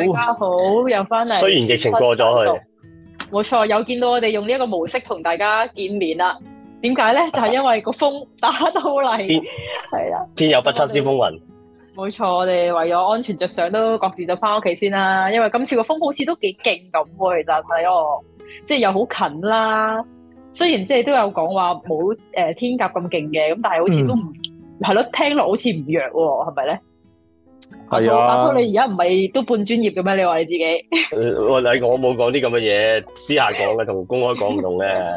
大家好，又翻嚟。雖然疫情過咗去，冇錯，有見到我哋用呢一個模式同大家見面啦。點解咧？就係因為個風打到嚟，係啊，天有不測之風雲。冇錯，我哋為咗安全着想，都各自就翻屋企先啦。因為今次個風好似都幾勁咁，其實睇我，即係又好近啦。雖然即係都有講話冇誒天鴿咁勁嘅，咁但係好似都唔係咯，聽落好似唔弱喎，係咪咧？係啊，阿滔你而家唔係都半專業嘅咩？你話你自己，呃、我你我冇講啲咁嘅嘢，私下講嘅，同公開講唔同嘅。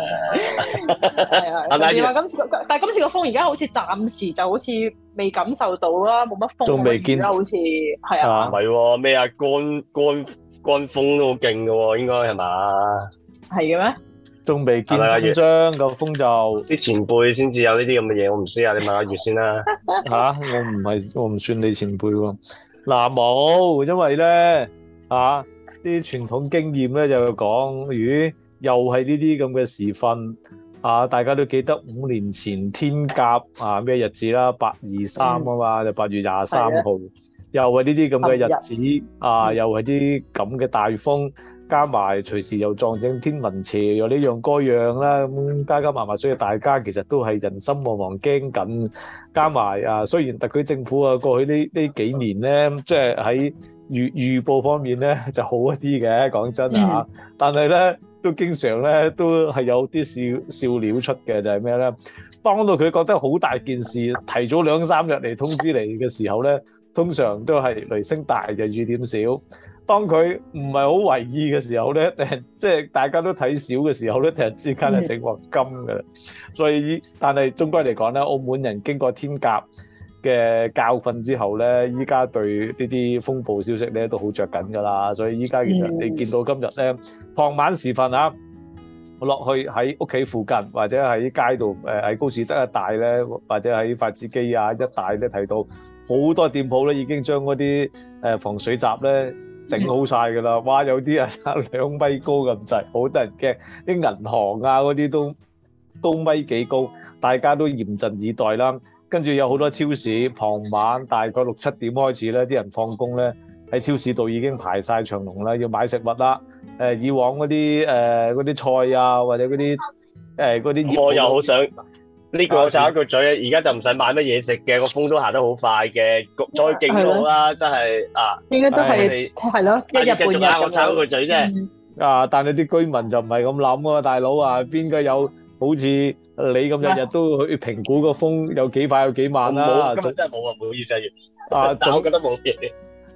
係 是啊係 但係但係今次個風而家好似暫時就好似未感受到啦，冇乜風。都未見啦，好似係啊。唔係喎，咩啊？乾乾乾風都好勁㗎喎，應該係嘛？係嘅咩？都未見緊張個風就啲前輩先至有呢啲咁嘅嘢，我唔知啊，你問阿月先啦嚇，我唔係我唔算你前輩喎。嗱冇，因為咧嚇啲傳統經驗咧就要講，咦又係呢啲咁嘅時分啊，大家都記得五年前天鴿啊咩日子啦，八二三啊嘛，就八月廿三號，又係呢啲咁嘅日子啊，又係啲咁嘅大風。加埋隨時又撞正天文潮，又呢樣嗰樣啦，咁加加埋埋，所以大家其實都係人心惶惶，驚緊。加埋啊，雖然特區政府啊，過去呢呢幾年咧，即係喺預預報方面咧就好一啲嘅，講真啊，但係咧都經常咧都係有啲笑笑料出嘅，就係咩咧？當到佢覺得好大件事，提早兩三日嚟通知你嘅時候咧，通常都係雷聲大就雨點少。當佢唔係好為意嘅時候咧，即、就、係、是、大家都睇少嘅時候咧，突然之間係整鑊金㗎。所以，但係總歸嚟講咧，澳門人經過天鴿嘅教訓之後咧，依家對呢啲風暴消息咧都好着緊㗎啦。所以依家其實你見到今日咧，傍晚時分我、啊、落去喺屋企附近或者喺街度誒喺高士德一帶咧，或者喺筷子基亞一帶咧，睇到好多店鋪咧已經將嗰啲誒防水閘咧。整好晒㗎啦！哇，有啲人兩米高咁滯，好得人驚。啲銀行啊嗰啲都都米幾高，大家都嚴陣以待啦。跟住有好多超市，傍晚大概六七點開始咧，啲人放工咧喺超市度已經排晒長龍啦，要買食物啦。誒，以往嗰啲誒啲菜啊，或者啲誒嗰啲，我又好想。呢、這個我插一個嘴，而家就唔使買乜嘢食嘅，個風都行得好快嘅，再勁都好啦，真係啊，應該都係係咯，一日半日我插一個嘴啫、嗯。啊，但你啲居民就唔係咁諗啊，大佬啊，邊個有好似你咁日日都去評估個風有幾快有幾慢啦？真係冇啊，唔、啊啊啊、好意思啊，啊，但我覺得冇嘢。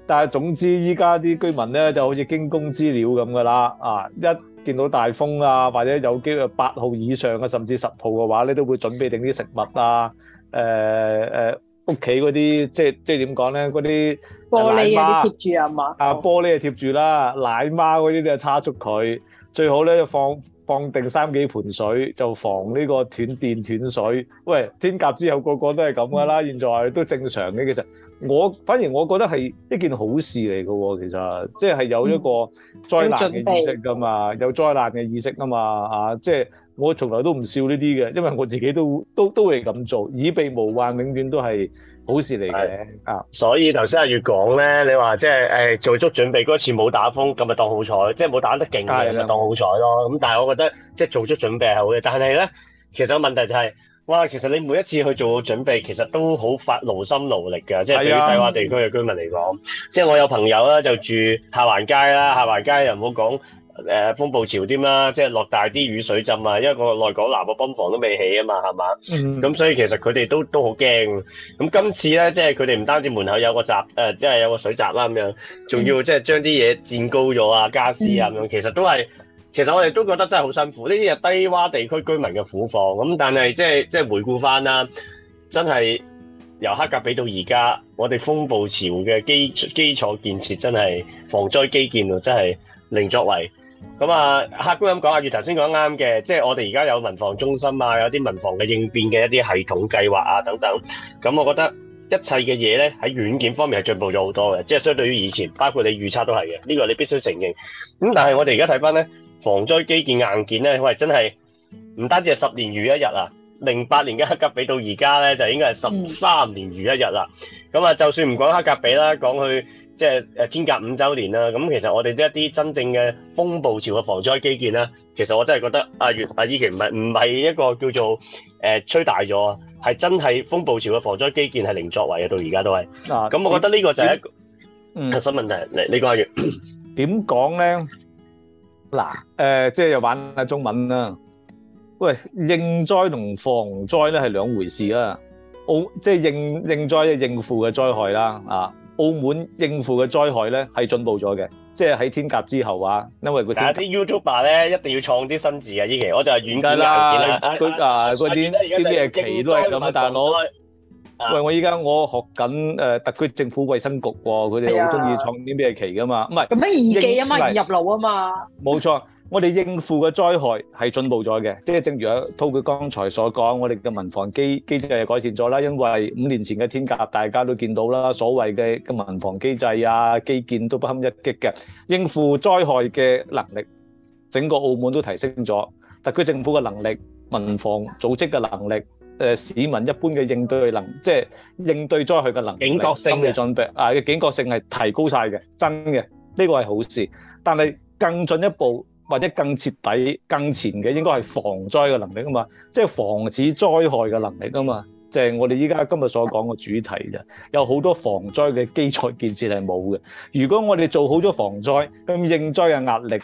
但係總之，依家啲居民咧就好似驚弓之鳥咁㗎啦。啊，一見到大風啊，或者有機會八號以上啊，甚至十號嘅話咧，都會準備定啲食物啊，誒誒屋企嗰啲即係即係點講咧，嗰啲玻璃貼啊貼住係嘛？啊玻璃啊貼住啦，奶媽嗰啲都係叉足佢，最好咧就放放定三幾盆水，就防呢個斷電斷水。喂，天鴿之後個個都係咁㗎啦，現在都正常嘅其實。我反而我覺得係一件好事嚟嘅喎，其實即係有一個災難嘅意識噶嘛，有災難嘅意識噶嘛，啊即係、就是、我從來都唔笑呢啲嘅，因為我自己都都都會咁做，以備無患，永遠都係好事嚟嘅啊。所以頭先阿月講咧，你話即係誒做足準備，嗰次冇打風，咁咪當好彩，即係冇打得勁嘅，咪當好彩咯。咁但係我覺得即係做足準備係好嘅，但係咧其實問題就係、是。哇，其實你每一次去做準備，其實都好發勞心勞力嘅，即係對於低窪地區嘅居民嚟講，啊、即係我有朋友啦，就住下環街啦，下環街又唔好講誒風暴潮添啦，即係落大啲雨水浸啊，因為我內港南嘅泵房都未起啊嘛，係嘛，咁、嗯、所以其實佢哋都都好驚。咁今次咧，即係佢哋唔單止門口有個閘，誒、呃，即係有個水閘啦咁樣，仲要即係將啲嘢墊高咗啊，傢俬啊咁樣，其實都係。其實我哋都覺得真係好辛苦，呢啲係低窪地區居民嘅苦況咁，但係即係即係回顧翻啦，真係由黑格比到而家，我哋風暴潮嘅基基礎建設真係，防災基建真係零作為咁啊，客觀咁講下，月頭先講啱嘅，即係我哋而家有民防中心啊，有啲民防嘅應變嘅一啲系統計劃啊等等，咁我覺得一切嘅嘢咧喺軟件方面係進步咗好多嘅，即係相對於以前，包括你預測都係嘅，呢個你必須承認。咁但係我哋而家睇翻咧。防災基建硬件咧，我真係唔單止係十年如一日啊！零八年嘅黑格比到而家咧，就應該係十三年如一日啦。咁、嗯、啊，就算唔講黑格比啦，講去即係誒天鴿五周年啦。咁其實我哋呢一啲真正嘅風暴潮嘅防災基建咧，其實我真係覺得阿、啊、月阿依琪唔係唔係一個叫做誒、呃、吹大咗啊，係真係風暴潮嘅防災基建係零作為嘅，到而家都係。咁、啊、我覺得呢個就係一個核心、嗯、問題。你你講下月點講咧？嗱、啊，誒、呃，即係又玩下中文啦、啊。喂，應災同防災咧係兩回事啊。澳即係應應災咧應付嘅災害啦。啊，澳門應付嘅災害咧係進步咗嘅，即係喺天鴿之後啊，因為嗰啲 YouTuber 咧一定要創啲新字啊。依期我就係軟雞啦，嗰啊嗰啲啲咩期都係咁啊，但係我。啊喂，我依家我學緊誒特區政府衛生局喎，佢哋好鍾意創啲咩旗噶嘛？唔係咁樣二記啊嘛，二入路啊嘛。冇錯，我哋應付嘅災害係進步咗嘅，即係正如阿滔佢剛才所講，我哋嘅民防機機制係改善咗啦。因為五年前嘅天鴿大家都見到啦，所謂嘅嘅民防機制啊、基建都不堪一擊嘅，應付災害嘅能力整個澳門都提升咗，特區政府嘅能力、民防組織嘅能力。誒市民一般嘅應對能，即係應對災害嘅能力、警覺性嘅準備啊嘅警覺性係提高晒嘅，真嘅呢個係好事。但係更進一步或者更徹底、更前嘅，應該係防災嘅能力啊嘛，即係防止災害嘅能力啊嘛，就係、是、我哋依家今日所講嘅主題啦。有好多防災嘅基礎建設係冇嘅。如果我哋做好咗防災，咁應災嘅壓力，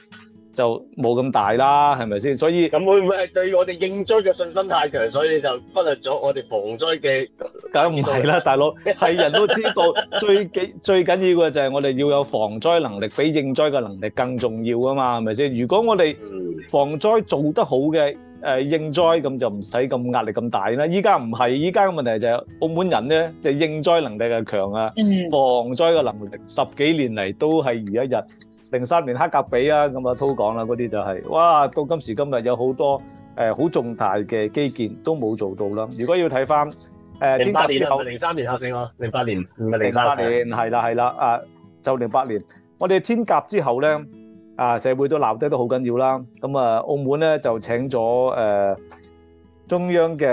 就冇咁大啦，係咪先？所以咁會唔會對我哋應災嘅信心太強，所以就忽略咗我哋防災嘅，梗唔係啦，大佬係人都知道，最緊最緊要嘅就係我哋要有防災能力，比應災嘅能力更重要啊嘛，係咪先？如果我哋防災做得好嘅，誒應災咁就唔使咁壓力咁大啦。依家唔係，依家嘅問題就係澳門人咧，就應災能力係強啊，防災嘅能力十幾年嚟都係如一日。零三年黑格比啊，咁啊，滔講啦，嗰啲就係哇，到今時今日有好多誒好重大嘅基建都冇做到啦。如果要睇翻誒，零八年啊，零三年黑市喎，零八年唔係零三年，係啦係啦啊，就零八年，我哋天鴿之後咧啊，社會都鬧得都好緊要啦。咁啊，澳門咧就請咗誒中央嘅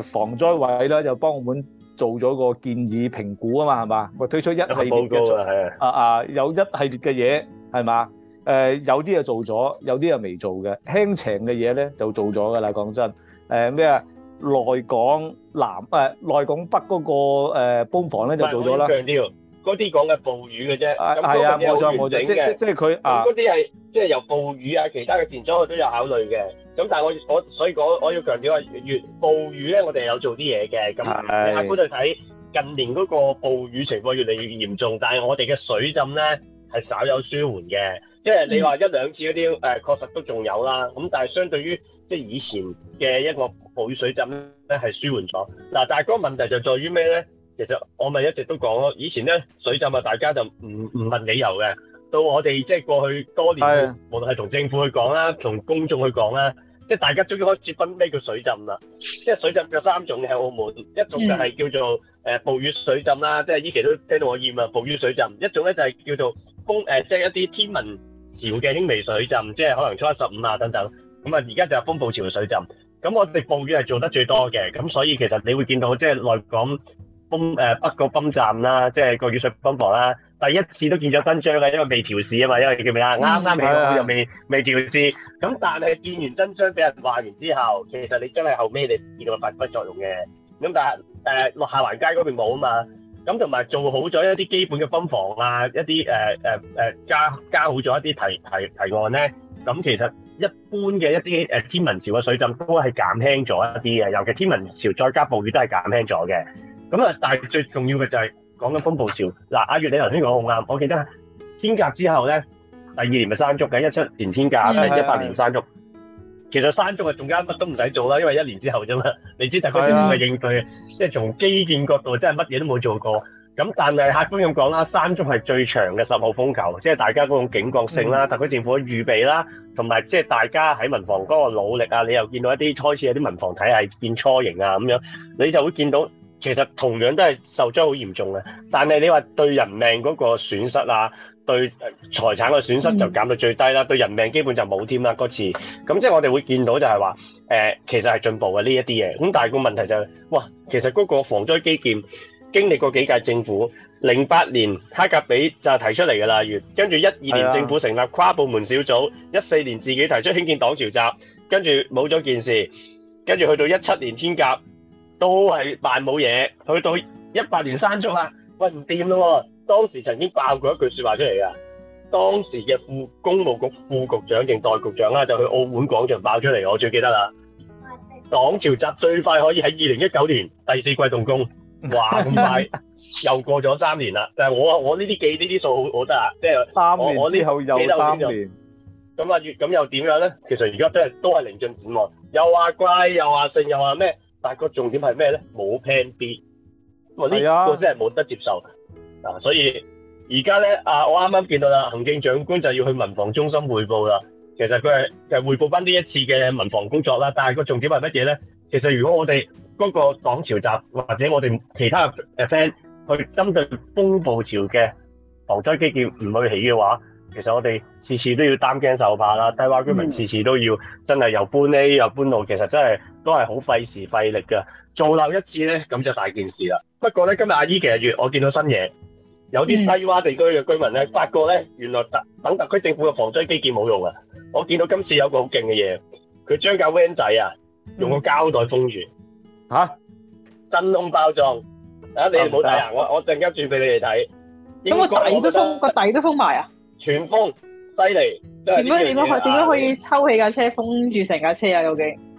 誒防災委咧，又幫澳門做咗個建議評估啊嘛，係嘛？我推出一系列嘅啊啊，有一系列嘅嘢。係嘛？誒有啲嘢做咗，有啲嘢未做嘅，輕長嘅嘢咧就做咗噶啦。講真，誒咩啊？內港南誒內港北嗰個泵房咧就做咗啦。是強調嗰啲講嘅暴雨嘅啫。咁係啊，冇錯冇錯，即係即係佢啊，嗰啲係即係、啊、由暴雨啊，其他嘅現象我都有考慮嘅。咁但係我我所以講我要強調啊，越暴雨咧，我哋有做啲嘢嘅。咁客觀就睇近年嗰個暴雨情況越嚟越嚴重，但係我哋嘅水浸咧。係稍有舒緩嘅，即係你話一兩次嗰啲誒，確實都仲有啦。咁但係相對於即係以前嘅一個暴雨水浸咧，係舒緩咗。嗱，但係個問題就在於咩咧？其實我咪一直都講咯，以前咧水浸啊，大家就唔唔問理由嘅。到我哋即係過去多年，無論係同政府去講啦，同公眾去講啦，即係大家終於開始分咩叫水浸啦。即係水浸有三種喺澳門，一種就係叫做誒暴雨水浸啦，即係依期都聽到我厭啊暴雨水浸。一種咧就係叫做風誒、呃、即係一啲天文潮嘅輕微水浸，即係可能初一十五啊等等。咁、嗯、啊，而家就係風暴潮水浸。咁我哋暴雨係做得最多嘅。咁所以其實你會見到即係內港泵誒、呃、北角泵站啦，即係個雨水泵房啦，第一次都見咗真章嘅，因為未調試啊嘛。因為叫咩、嗯、啊？啱啱起又未未調試。咁但係見完真章，俾人話完之後，其實你真係後尾你見到發揮作用嘅。咁但係誒落下環街嗰邊冇啊嘛。咁同埋做好咗一啲基本嘅泵房啊，一啲誒誒加加好咗一啲提提提案咧，咁其實一般嘅一啲誒天文潮嘅水浸都係減輕咗一啲嘅，尤其天文潮再加暴雨都係減輕咗嘅。咁啊，但係最重要嘅就係、是、講緊風暴潮。嗱、啊，阿月你頭先講好啱，我記得天鴿之後咧，第二年咪山竹嘅，一七年天鴿，一、嗯、八年山竹。其實山竹啊，仲加乜都唔使做啦，因為一年之後啫嘛。你知特區政府嘅應對，即 係從基建角度真係乜嘢都冇做過。咁但係客觀咁講啦，山竹係最長嘅十號風球，即係大家嗰種警覺性啦，嗯，特區政府嘅預備啦，同埋即係大家喺民防嗰個努力啊。你又見到一啲初始有啲民防體系變初型啊咁樣，你就會見到。其實同樣都係受災好嚴重嘅，但係你話對人命嗰個損失啊，對財產嘅損失就減到最低啦，對人命基本就冇添啦嗰次。咁即係我哋會見到就係話、欸，其實係進步嘅呢一啲嘢。咁但係個問題就係，哇，其實嗰個防災基建經歷過幾屆政府，零八年哈格比就提出嚟嘅啦，跟住一二年政府成立跨部門小組，一四年自己提出興建擋潮閘，跟住冇咗件事，跟住去到一七年天鴿。都係扮冇嘢，去到一八年山竹啦，喂，唔掂啦喎。當時曾經爆過一句説話出嚟㗎，當時嘅副工務局副局長定代局長啦，就去澳門廣場爆出嚟，我最記得啦。擋潮閘最快可以喺二零一九年第四季動工，嘩，唔係又過咗三年啦。但係我啊，我呢啲記呢啲數好得啊，即係三年之後又三年咁啊，月咁又點樣咧？其實而家都係都係零進展喎，又話貴，又話剩，又話咩？但個重點係咩咧？冇 plan B，咁啊呢個真係冇得接受啊！所以而家咧啊，我啱啱見到啦，行政長官就要去民防中心彙報啦。其實佢係就彙報翻呢一次嘅民防工作啦。但係個重點係乜嘢咧？其實如果我哋嗰個擋潮閘或者我哋其他嘅誒 friend 去針對風暴潮嘅防災基建唔去起嘅話，其實我哋次次都要擔驚受怕啦。低窪居民次次都要真係由搬 A 又搬路，其實真係～都係好費時費力噶，做漏一次咧，咁就大件事啦。不過咧，今日阿姨其實越我見到新嘢，有啲低洼地區嘅居民咧，發覺咧，原來特等特區政府嘅防災基建冇用啊。我見到今次有個好勁嘅嘢，佢將架 van 仔啊，用個膠袋封住，吓真空包裝。啊，你哋冇帶啊！我我陣間轉俾你哋睇。咁個底都封，個底都封埋啊！全封，犀利。點樣點樣點樣可以抽起架車，封住成架車啊？究竟？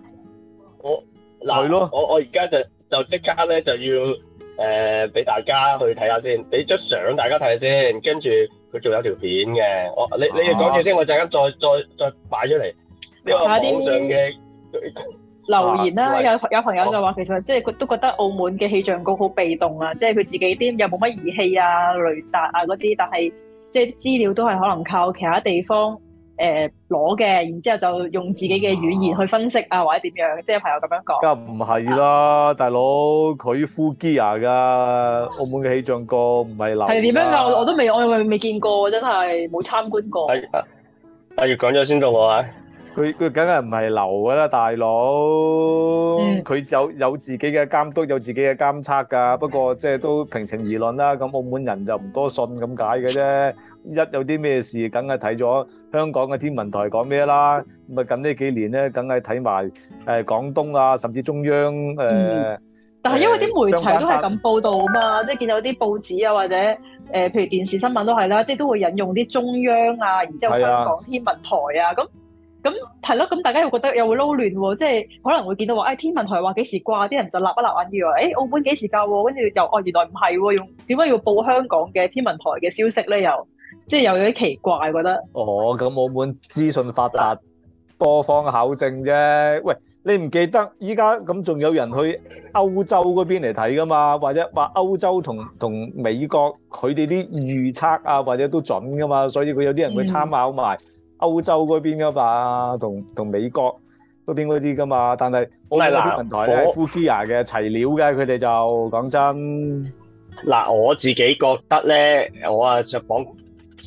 嗱，我我而家就就即刻咧就要誒俾、呃、大家去睇下先，俾張相大家睇下先，跟住佢仲有條片嘅，我你你哋講住先，我陣間再再再擺出嚟。呢個網上嘅留言啦、啊啊，有有朋友就話其實、哦、即係佢都覺得澳門嘅氣象局好被動啊，即係佢自己啲又冇乜儀器啊、雷達啊嗰啲，但係即係資料都係可能靠其他地方。誒攞嘅，然之後就用自己嘅語言去分析啊，啊，或者點樣？即係朋友咁樣講。梗唔係啦、啊，大佬佢 full gear 噶，澳門嘅氣象局唔係難。係點樣㗎？我都未，我未我未見過，真係冇參觀過。係啊，阿月講咗先到我啊。佢佢梗係唔係流噶啦，大佬。佢有有自己嘅監督，有自己嘅監測㗎。不過即係都平情而論啦。咁澳門人就唔多信咁解嘅啫。一有啲咩事，梗係睇咗香港嘅天文台講咩啦。咁啊近呢幾年咧，梗係睇埋誒廣東啊，甚至中央誒。但係因為啲媒體都係咁報道啊嘛，即係見到啲報紙啊，或者誒，譬如電視新聞都係啦，即係都會引用啲中央啊，然之後香港天文台啊咁。咁係咯，咁大家又覺得又會撈亂喎，哦，即係可能會見到話，誒、哎、天文台話幾時掛，啲人就立一立眼嘅喎，誒、哎、澳門幾時掛？跟住又哦，原來唔係喎，點解要報香港嘅天文台嘅消息咧？又即係又有啲奇怪，覺得。哦，咁澳門資訊發達，多方考證啫。喂，你唔記得依家咁仲有人去歐洲嗰邊嚟睇噶嘛？或者話歐洲同同美國佢哋啲預測啊，或者都準噶嘛？所以佢有啲人會參考埋、嗯。歐洲嗰邊㗎吧，同同美國嗰邊嗰啲㗎嘛，但係澳門啲平台咧，Fujia 嘅齊料嘅，佢哋就講真嗱，我自己覺得咧，我啊著講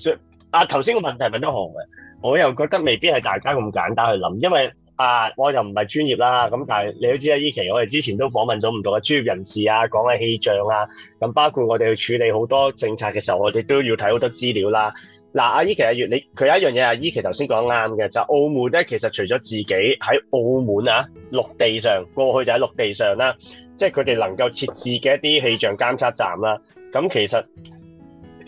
著啊頭先個問題問得好嘅，我又覺得未必係大家咁簡單去諗，因為啊，我又唔係專業啦，咁但係你都知啊，依期我哋之前都訪問咗唔同嘅專業人士啊，講緊氣象啊，咁包括我哋去處理好多政策嘅時候，我哋都要睇好多資料啦。嗱、啊，阿姨其實越你佢有一樣嘢，阿姨其實頭先講得啱嘅就是、澳門咧。其實除咗自己喺澳門啊陸地上過去就喺陸地上啦、啊，即係佢哋能夠設置嘅一啲氣象監測站啦、啊。咁、啊、其實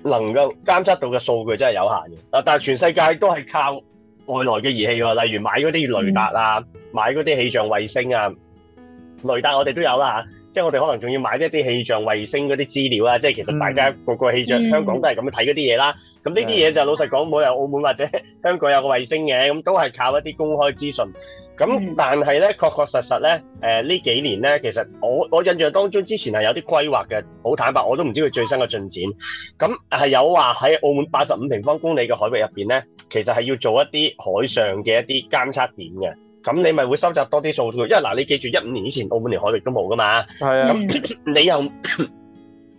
能夠監測到嘅數據真係有限嘅啊。但係全世界都係靠外來嘅儀器喎、啊，例如買嗰啲雷達啊，買嗰啲氣象衛星啊，雷達我哋都有啦、啊、嚇。即係我哋可能仲要買一啲氣象衛星嗰啲資料啊！即係其實大家個個氣象、嗯嗯、香港都係咁樣睇嗰啲嘢啦。咁呢啲嘢就老實講，冇人澳門或者香港有個衛星嘅，咁都係靠一啲公開資訊。咁但係咧，確確實實咧，誒、呃、呢幾年咧，其實我我印象當中之前係有啲規劃嘅。好坦白，我都唔知佢最新嘅進展。咁係有話喺澳門八十五平方公里嘅海域入邊咧，其實係要做一啲海上嘅一啲監測點嘅。咁你咪會收集多啲數據，因為嗱你記住一五年以前澳門連海域都冇噶嘛，咁你又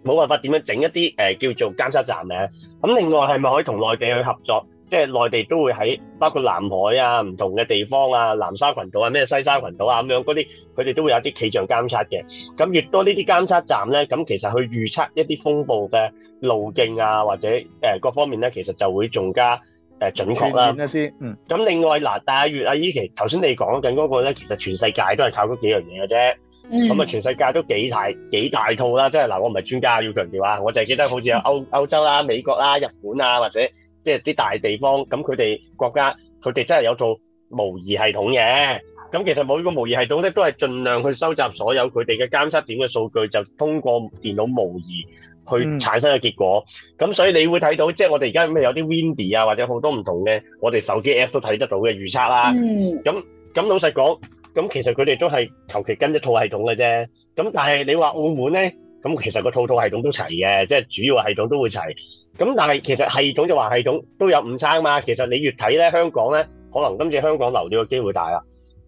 冇辦法點樣整一啲誒、呃、叫做監測站咧、啊？咁另外係咪可以同內地去合作？即係內地都會喺包括南海啊、唔同嘅地方啊、南沙群島啊、咩西沙群島啊咁樣嗰啲，佢哋都會有啲氣象監測嘅。咁越多這些察呢啲監測站咧，咁其實去預測一啲風暴嘅路徑啊，或者誒、呃、各方面咧，其實就會仲加。誒準確啦，嗯。咁另外嗱，戴月啊姨，其頭先你講緊嗰個咧，其實全世界都係靠嗰幾樣嘢嘅啫。咁啊，全世界都幾大幾大套啦，即係嗱，我唔係專家，要強調啊，我就係記得好似有歐歐洲啦、美國啦、日本啊，或者即係啲大地方，咁佢哋國家佢哋真係有套模擬系統嘅。咁其實每一個模擬系統咧，都係盡量去收集所有佢哋嘅監測點嘅數據，就通過電腦模擬。去產生嘅結果，咁、嗯、所以你會睇到，即係我哋而家咁有啲 Windy 啊，或者好多唔同嘅，我哋手機 app 都睇得到嘅預測啦。咁、嗯、咁老實講，咁其實佢哋都係求其跟一套系統嘅啫。咁但係你話澳門咧，咁其實個套套系統都齊嘅，即係主要系統都會齊。咁但係其實系統就話系統都有誤差啊嘛。其實你越睇咧，香港咧，可能今次香港留咗嘅機會大啦。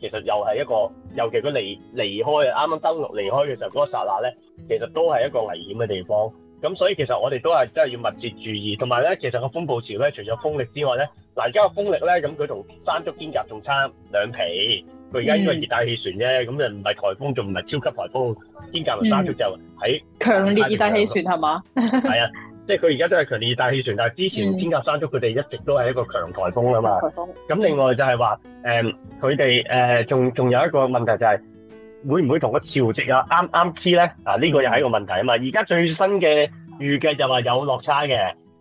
其實又係一個，尤其佢離離開，啱啱登陸離開嘅時候嗰一剎那咧、個，其實都係一個危險嘅地方。咁所以其實我哋都係真係要密切注意，同埋咧，其實個風暴潮咧，除咗風力之外咧，嗱而家個風力咧，咁佢同山竹兼夾仲差兩皮。佢而家應該係熱帶氣旋啫，咁就唔係颱風，仲唔係超級颱風，兼夾同山竹就、嗯、喺強烈熱帶氣旋係嘛？係 啊。即係佢而家都係強烈熱帶氣旋，但係之前天鴿山竹，佢哋一直都係一個強颱風啊嘛。颱風。咁另外就係話誒，佢哋誒，仲仲有一個問題，就係會唔會同個潮汐啊，啱啱黐咧？嗱、這、呢個又係一個問題啊嘛。而家最新嘅預計就話有落差嘅，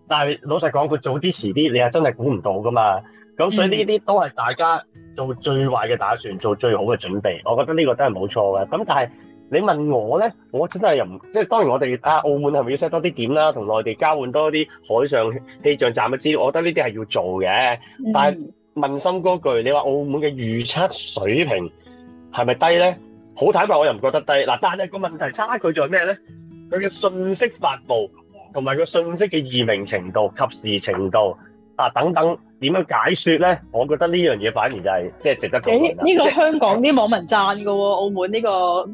但係老實講佢早啲遲啲，你係真係估唔到噶嘛。咁所以呢啲都係大家做最壞嘅打算，做最好嘅準備。我覺得呢個都係冇錯嘅。咁但係。你問我咧，我真係又唔即係當然我，我哋啊澳門係咪要 set 多啲點啦，同內地交換多啲海上氣象站嘅資料，我覺得呢啲係要做嘅。但係問心嗰句，你話澳門嘅預測水平係咪低咧？好坦白，我又唔覺得低。嗱，但係個問題差距在咩咧？佢嘅信息發布同埋個信息嘅易明程度、及時程度啊等等，點樣解說咧？我覺得呢樣嘢反而就係即係值得講。誒、欸、呢、呢個香港啲網民讚㗎喎，澳門呢、呢個。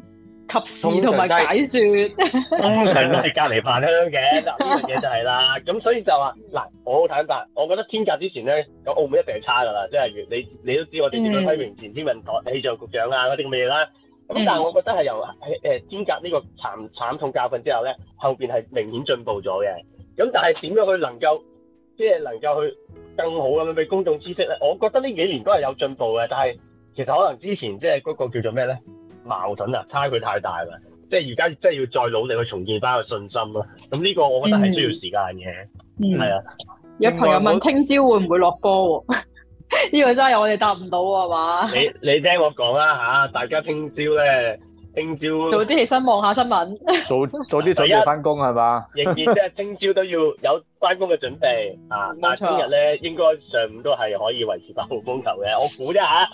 及時同埋解説，通常都係隔離飯香嘅，呢樣嘢就係啦。咁所以就話嗱，我好坦白，我覺得天鴿之前咧，咁澳門一定係差㗎啦，即係如你你都知我哋點樣批評前天文台氣象局長啊嗰啲咁嘅嘢啦。咁但係我覺得係由誒天鴿呢個慘慘痛教訓之後咧，後邊係明顯進步咗嘅。咁但係點樣去能夠即係能夠去更好咁樣俾公眾知識咧？我覺得呢幾年都係有進步嘅，但係其實可能之前即係嗰個叫做咩咧？矛盾啊，差距太大啦，即係而家即係要再努力去重建翻個信心啦、啊。咁呢個我覺得係需要時間嘅，係、嗯、啊、嗯。有朋友問聽朝會唔會落波喎、啊？呢 個真係我哋答唔到係嘛？你你聽我講啦嚇，大家聽朝咧，聽朝 早啲起身望下新聞，早早啲準備翻工係嘛？是吧 仍然即係聽朝都要有。翻工嘅準備啊！冇錯，今日咧應該上午都係可以維持八號風球嘅，我估一下。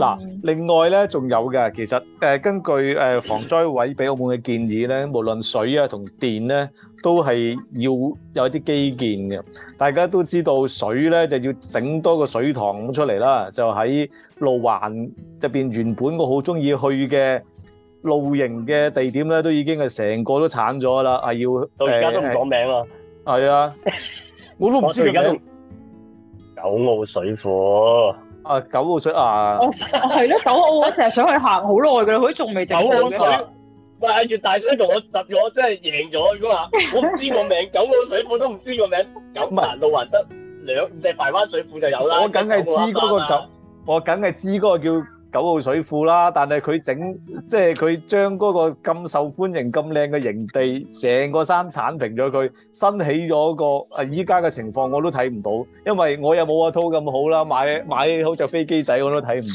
嗱，另外咧仲有嘅，其實誒根據誒防災委俾我哋嘅建議咧，無論水啊同電咧，都係要有一啲基建嘅。大家都知道水咧就要整多個水塘咁出嚟啦，就喺路環入邊原本我好中意去嘅露營嘅地點咧，都已經係成個都鏟咗啦，係要到而家都唔講名啊！係啊，我都唔知點解。九澳水庫啊，啊，九澳水啊，係咯、啊，九澳我成日想去行好耐噶啦，佢仲未走，嘅。九澳水，喂，阿月大聲同我窒咗，真係贏咗如果話！啊我唔 知，名 我不知，名不我知個名，九澳水庫都唔知個名。九唔係路環得兩隻大灣水庫就有啦。我梗係知嗰個九，我梗係知嗰個叫。九號水庫啦，但係佢整即係佢將嗰個咁受歡迎、咁靚嘅營地，成個山剷平咗佢，新起咗一個。依家嘅情況我都睇唔到，因為我又冇阿滔咁好啦，買買好隻飛機仔我都睇唔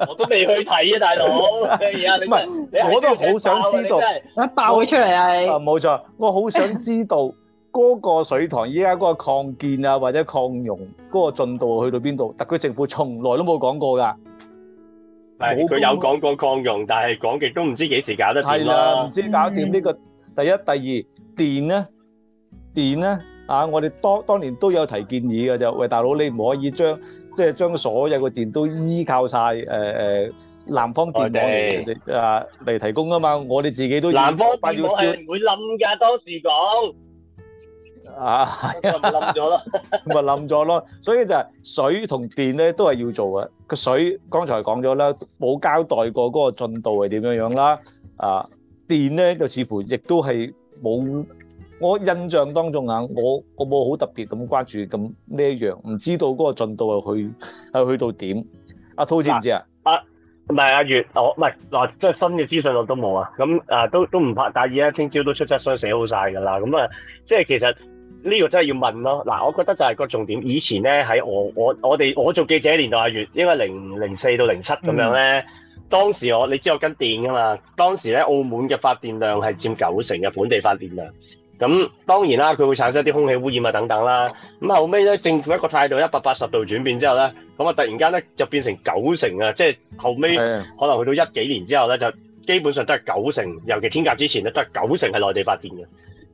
到。我都未去睇啊，大佬。唔係，我都好想知道，一爆佢出嚟啊！冇錯，我好想知道嗰個水塘依家嗰個擴建啊，或者擴容嗰個進度去到邊度？特區政府從來都冇講過㗎。佢有講過擴容，但係講極都唔知幾時搞得掂咯。係啦，唔知搞得掂呢個第一、第二電咧，電咧啊！我哋當當年都有提建議嘅就，喂大佬你唔可以將即係將所有個電都依靠曬誒誒南方電網嚟啊嚟提供啊嘛！我哋自己都南方電我係唔會冧㗎，當時講。啊，係啊，冧咗咯，咪冧咗咯，所以就係水同電呢都係要做嘅。個水剛才講咗啦，冇交代過嗰個進度係點樣樣啦。啊，電呢就似乎亦都係冇，我印象當中啊，我我冇好特別咁關注咁呢一樣，唔知道嗰個進度係去係去到點。阿滔知唔知啊？阿唔係阿月，我唔係嗱，即係、啊、新嘅資訊我都冇啊。咁啊，都都唔拍但係而家。聽朝都出七所以寫好晒㗎啦。咁啊，即係其實。呢、這個真係要問咯。嗱，我覺得就係個重點。以前咧喺我我我哋我做記者年代月，應該零零四到零七咁樣咧、嗯。當時我你知我跟電㗎嘛。當時咧澳門嘅發電量係佔九成嘅本地發電量。咁、嗯、當然啦，佢會產生一啲空氣污染啊等等啦。咁、嗯、後尾咧政府一個態度一百八十度轉變之後咧，咁啊突然間咧就變成九成啊！即係後尾可能去到一幾年之後咧，就基本上都係九成，尤其天鴿之前咧都係九成係內地發電嘅。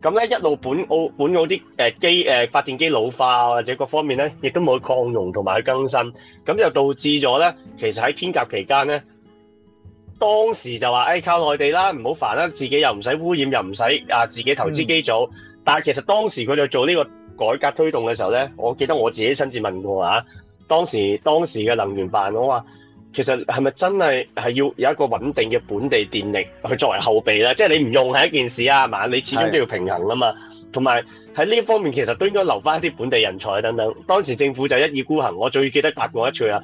咁咧一路本澳本澳啲誒機誒發電機老化或者各方面咧，亦都冇去擴容同埋去更新，咁就導致咗咧，其實喺天鴿期間咧，當時就話誒、哎、靠內地啦，唔好煩啦，自己又唔使污染，又唔使啊自己投資機組。嗯、但係其實當時佢哋做呢個改革推動嘅時候咧，我記得我自己親自問過啊，當時當時嘅能源辦我話。其實係咪真係係要有一個穩定嘅本地電力去作為後備咧？即係你唔用係一件事啊，係嘛？你始終都要平衡啊嘛。同埋喺呢方面，其實都應該留翻一啲本地人才等等。當時政府就一意孤行，我最記得法官一脆啊，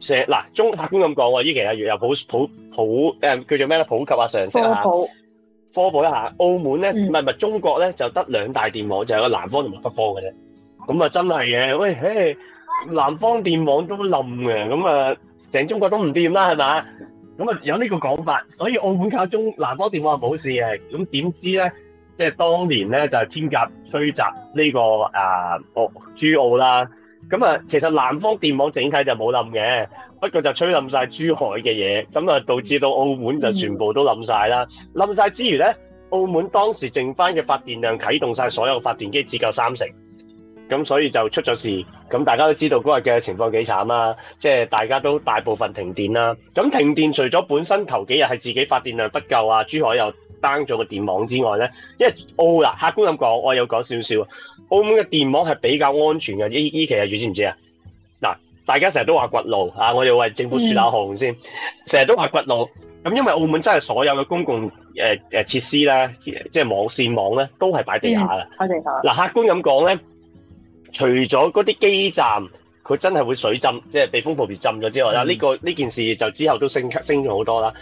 嗱中法官咁講喎，呢期有啊月又普普普誒叫做咩咧？普及啊，常識啊，科普科普一下。澳門咧唔係唔係中國咧，就得兩大電網，就係個南方同埋北方嘅啫。咁啊真係嘅，喂嘿。南方電網都冧嘅，咁啊，成中國都唔掂啦，係咪？咁啊，有呢個講法，所以澳門靠中南方電網係冇事嘅。咁點知咧，即係當年咧就係天鴿吹襲呢個啊澳珠澳啦。咁啊，其實南方電網整體就冇冧嘅，不過就吹冧晒珠海嘅嘢，咁啊導致到澳門就全部都冧晒啦。冧、嗯、晒之餘咧，澳門當時剩翻嘅發電量啟動晒所有發電機，只夠三成。咁所以就出咗事，咁大家都知道嗰日嘅情況幾慘啦、啊，即係大家都大部分停電啦、啊。咁停電除咗本身頭幾日係自己發電量不夠啊，珠海又掹咗個電網之外咧，因為澳嗱、哦，客觀咁講，我有講少少，澳門嘅電網係比較安全嘅。依依期啊，你、嗯、知唔知啊？嗱，大家成日都話掘路啊，我哋為政府説下行先，成日都話掘路。咁因為澳門真係所有嘅公共誒誒、呃、設施咧，即係網線網咧，都係擺地下啦。嗱、嗯，客觀咁講咧。除咗嗰啲基站，佢真係會水浸，即、就、係、是、被風暴跌浸咗之外啦，呢、嗯這個呢件事就之後都升升咗好多啦。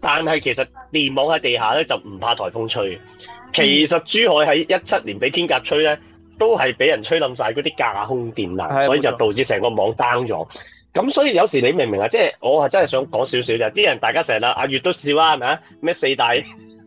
但係其實電網喺地下咧就唔怕颱風吹、嗯、其實珠海喺一七年俾天鴿吹咧，都係俾人吹冧晒嗰啲架空電纜，所以就導致成個網 down 咗。咁所以有時你明唔明啊？即係我係真係想講少少啫，啲人大家成日啦，阿月都笑啦，係咪啊？咩四大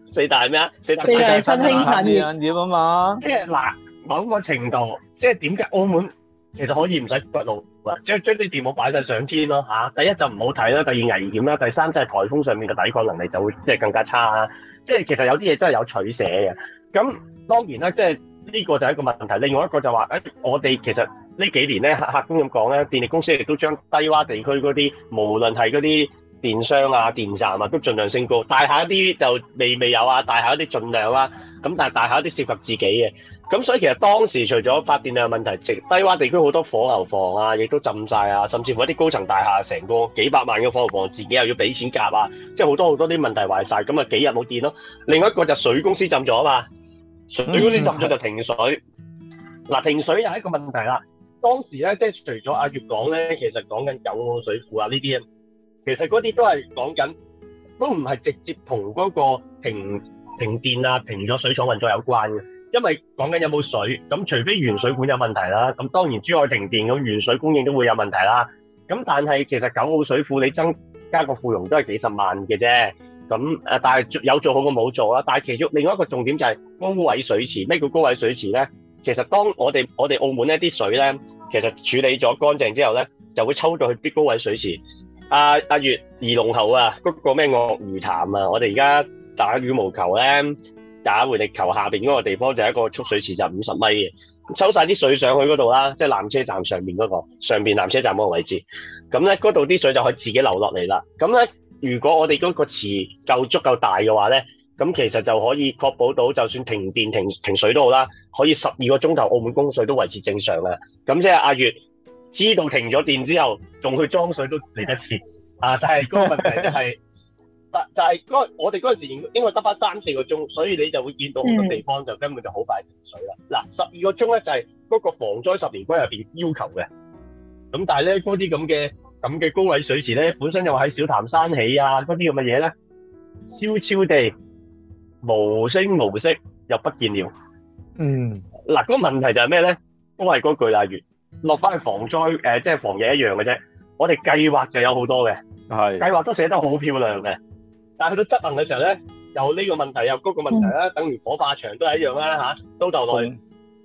四大咩啊？四大，四大分新興產業啊樣子嘛，即係嗱。某個程度，即係點解澳門其實可以唔使骨路，將將啲電腦擺晒上天咯嚇、啊。第一就唔好睇啦，第二危險啦，第三就係颱風上面嘅抵抗能力就會即係、就是、更加差。即係其實有啲嘢真係有取捨嘅。咁當然啦，即係呢個就係一個問題。另外一個就話誒，我哋其實呢幾年咧客客觀咁講咧，電力公司亦都將低窪地區嗰啲，無論係嗰啲。電商啊、電站啊，都盡量升高。大廈一啲就未未有啊，大廈一啲盡量啦、啊。咁但係大廈一啲涉及自己嘅。咁所以其實當時除咗發電量的問題，直低窪地區好多火牛房啊，亦都浸晒啊。甚至乎一啲高層大廈，成個幾百萬嘅火牛房，自己又要俾錢夾啊。即係好多好多啲問題壞晒。咁啊幾日冇電咯。另外一個就係水公司浸咗啊嘛，水公司浸咗就停水。嗱、嗯嗯、停水又係一個問題啦。當時咧即係除咗阿月講咧，其實講緊有水庫啊呢啲。這些其實嗰啲都係講緊，都唔係直接同嗰個停停電啊、停咗水廠運作有關嘅，因為講緊有冇水。咁除非原水管有問題啦，咁當然珠海停電咁原水供應都會有問題啦。咁但係其實九澳水庫你增加個庫容都係幾十萬嘅啫。咁誒，但係有做好過冇做啦。但係其中另外一個重點就係高位水池。咩叫高位水池咧？其實當我哋我哋澳門咧啲水咧，其實處理咗乾淨之後咧，就會抽到去啲高位水池。阿阿月二龍喉啊，嗰、啊啊那個咩鱷魚潭啊，我哋而家打羽毛球咧，打回力球下邊嗰個地方就是一個蓄水池，就五十米嘅，抽晒啲水上去嗰度啦，即係纜車站上面嗰、那個上邊纜車站嗰個位置，咁咧嗰度啲水就可以自己流落嚟啦。咁咧，如果我哋嗰個池夠足夠大嘅話咧，咁其實就可以確保到就算停電停停水都好啦，可以十二個鐘頭澳門供水都維持正常啦。咁即係阿月。知道停咗電之後，仲去裝水都嚟得切啊！但係嗰個問題就係，就就係嗰我哋嗰陣時應該得翻三四個鐘，所以你就會見到好多地方就根本就好快停水啦。嗱，十二個鐘咧就係嗰個防災十年規入邊要求嘅。咁但係咧嗰啲咁嘅咁嘅高位水池咧，本身又喺小潭山起啊，嗰啲咁嘅嘢咧，悄悄地無聲無息又不見了。嗯，嗱，個問題就係咩咧？都係嗰句啦。落翻去防災誒，即係防疫一樣嘅啫。我哋計劃就有好多嘅，係計劃都寫得好漂亮嘅。但係去到執行嘅時候咧，又呢個問題，又嗰個問題啦。等於火化場都係一樣啦嚇，都投落去。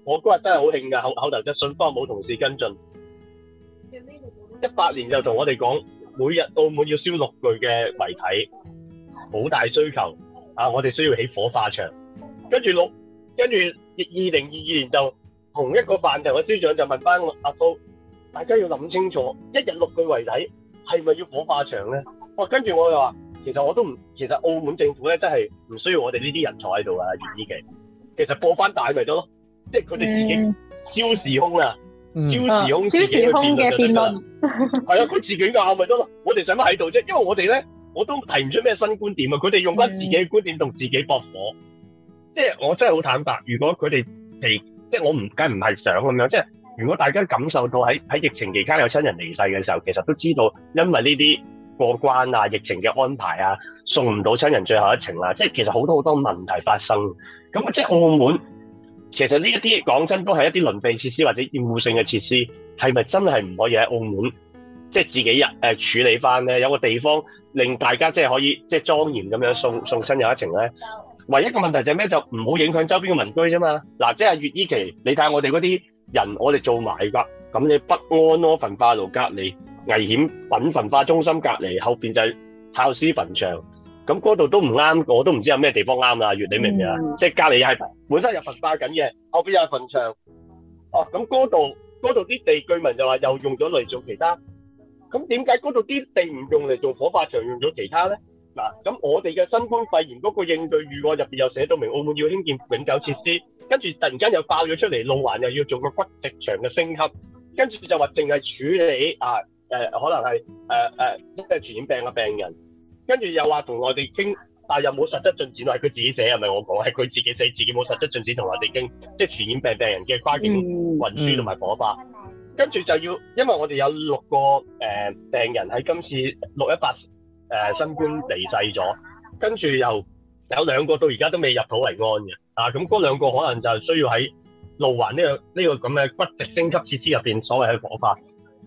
我嗰日真係好興㗎，口口頭質詢，不過冇同事跟進。一八年就同我哋講，每日澳門要燒六具嘅遺體，好大需求啊！我哋需要起火化場，跟住六，跟住二零二二年就。同一個範疇嘅司長就問翻阿叔，大家要諗清楚，一日六句遺體，係咪要火化場咧？我跟住我就話，其實我都唔，其實澳門政府咧真係唔需要我哋呢啲人才喺度啊。原意嘅，其實播翻帶咪得咯，即係佢哋自己消時空啦、啊，消、嗯、時空消時空嘅辯論係啊，佢自己嘅拗咪得咯。我哋使乜喺度啫？因為我哋咧，我都提唔出咩新觀點啊。佢哋用翻自己嘅觀點同自己搏火，嗯、即係我真係好坦白，如果佢哋係。即係我唔，梗唔係想咁樣。即係如果大家感受到喺喺疫情期間有親人離世嘅時候，其實都知道因為呢啲過關啊、疫情嘅安排啊，送唔到親人最後一程啦、啊。即係其實好多好多問題發生。咁即係澳門，其實呢一啲講真都係一啲鄰避設施或者厭惡性嘅設施，係咪真係唔可以喺澳門即係自己人誒、呃、處理翻咧？有個地方令大家即係可以即係莊嚴咁樣送送親人一程咧？唯一嘅問題就係咩？就唔好影響周邊嘅民居啫嘛。嗱、啊，即係越依期，你睇下我哋嗰啲人，我哋做埋㗎，咁你不安咯、啊。焚化爐隔離危險品焚化中心隔離，後邊就係孝思墳場，咁嗰度都唔啱，我都唔知有咩地方啱啦。越你明唔明、嗯、啊？即係隔離又係本身又焚化緊嘅，後邊又係墳場。哦，咁嗰度度啲地居民就話又用咗嚟做其他，咁點解嗰度啲地唔用嚟做火化場，用咗其他咧？嗱，咁我哋嘅新冠肺炎嗰個應對預案入邊又寫到明，澳門要興建永久設施，跟住突然間又爆咗出嚟，路環又要做個骨殖場嘅升級，跟住就話淨係處理啊誒、呃，可能係誒誒即係傳染病嘅病人，跟住又話同內地經，但、啊、又冇實質進展喎，係佢自己寫，唔係我講，係佢自己寫，自己冇實質進展，同內地經即係傳染病病人嘅跨境運輸同埋火化、嗯嗯，跟住就要，因為我哋有六個誒、呃、病人喺今次六一八。誒，新冠離世咗，跟住又有兩個到而家都未入土為安嘅，啊，咁嗰兩個可能就需要喺路環呢個呢個咁嘅骨殖升級設施入邊所謂嘅火化。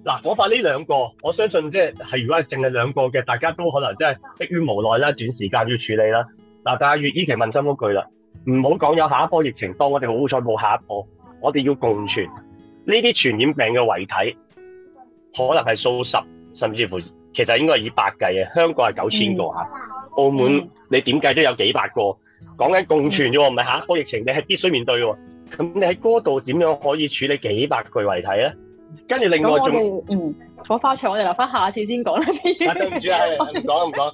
嗱，火化呢兩個，我相信即係係如果係淨係兩個嘅，大家都可能真係迫於無奈啦，短時間要處理啦。嗱，但係月依期問心一句啦，唔好講有下一波疫情，當我哋好彩冇下一波，我哋要共存。呢啲傳染病嘅遺體可能係數十甚至乎。其實應該以百計嘅，香港係九千個嚇、嗯，澳門、嗯、你點計都有幾百個，講緊共存啫喎，唔、嗯、係下一個疫情你係必須面對喎，咁你喺嗰度點樣可以處理幾百具遺體咧？跟住另外仲、嗯，嗯，火化場我哋留翻下，下次先講啦。 對唔住啊，唔講唔講。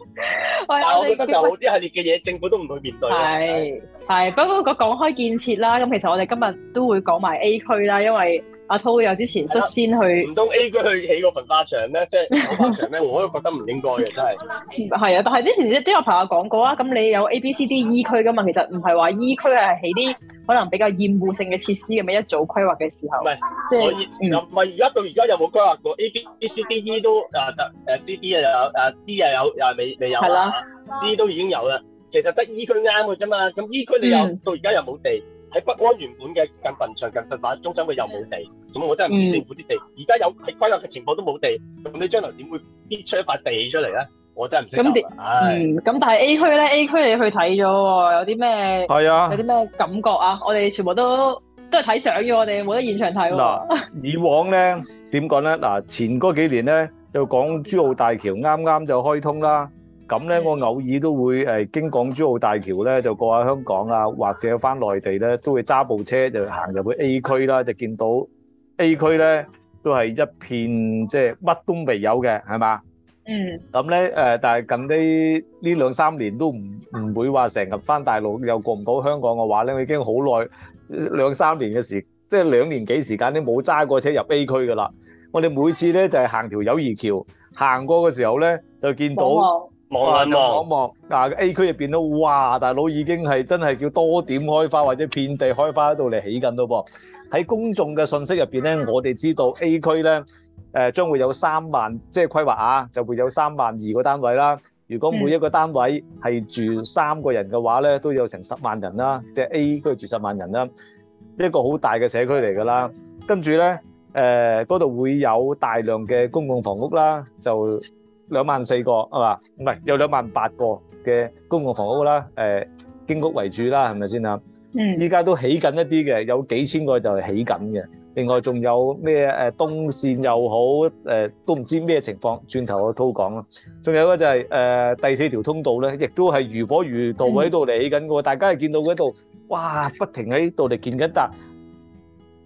但係我覺得就有好啲系列嘅嘢，政府都唔會面對。係係，不過講講開建設啦，咁其實我哋今日都會講埋 A 區啦，因為，阿滔有之前率先去，唔通 A 區去起個焚化場咩？即係焚化場咩？我都覺得唔應該嘅，真係。係啊，但係之前都有朋友講過啊。咁你有 A、B、C、D、E 區噶嘛？其實唔係話 E 區係起啲可能比較厭惡性嘅設施咁樣一組規劃嘅時候。唔係，即係唔係而家到而家有冇規劃過 A、B, B、C、D、E 都啊特 C、D 又有誒 D 又有又係未未有啊。C 都、啊啊、已經有啦，其實得 E 區啱嘅啫嘛。咁 E 區你有、嗯、到又到而家又冇地。喺北安原本嘅近墳場、近墳板中心，佢又冇地，咁我真係唔知政府啲地。而家有喺規劃嘅情況冇地，咁你將來點會切出一塊地出嚟咧？我真係唔識講。咁點？嗯。咁但係 A 區咧，A 區你去睇咗喎，有啲咩？係啊。有啲咩感覺啊？我哋全部都都係睇相啫，我哋冇得現場睇喎。嗱，以往咧點講咧？嗱，前嗰幾年咧就講珠澳大橋啱啱就開通啦。咁咧，我偶爾都會誒經港珠澳大橋咧，就過下香港啊，或者翻內地咧，都會揸部車就行入去 A 區啦。就見到 A 區咧都係一片即係乜都未有嘅，係嘛？嗯。咁咧誒，但係近呢呢兩三年都唔唔會話成日翻大陸又過唔到香港嘅話咧，我已經好耐兩三年嘅時，即係兩年幾時間都冇揸過車入 A 區噶啦。我哋每次咧就係行條友誼橋，行過嘅時候咧就見到。望下望一望，嗱 A 區入邊都哇，大佬已經係真係叫多點開花或者遍地開花喺度嚟起緊咯噃。喺公眾嘅信息入邊咧，我哋知道 A 區咧，誒、呃、將會有三萬，即係規劃啊，就會有三萬二個單位啦。如果每一個單位係住三個人嘅話咧，都有成十萬人啦，即係 A 區住十萬人啦，一個好大嘅社區嚟㗎啦。跟住咧，誒嗰度會有大量嘅公共房屋啦，就。兩萬四個係嘛？唔係有兩萬八個嘅公共房屋啦，誒經屋為主啦，係咪先啊？嗯，依家都起緊一啲嘅，有幾千個就係起緊嘅。另外仲有咩誒東線又好，誒都唔知咩情況。轉頭我滔講啦，仲有就係誒第四條通道咧，亦都係如火如荼喺度嚟起緊嘅喎。大家係見到嗰度哇，不停喺度嚟建緊搭。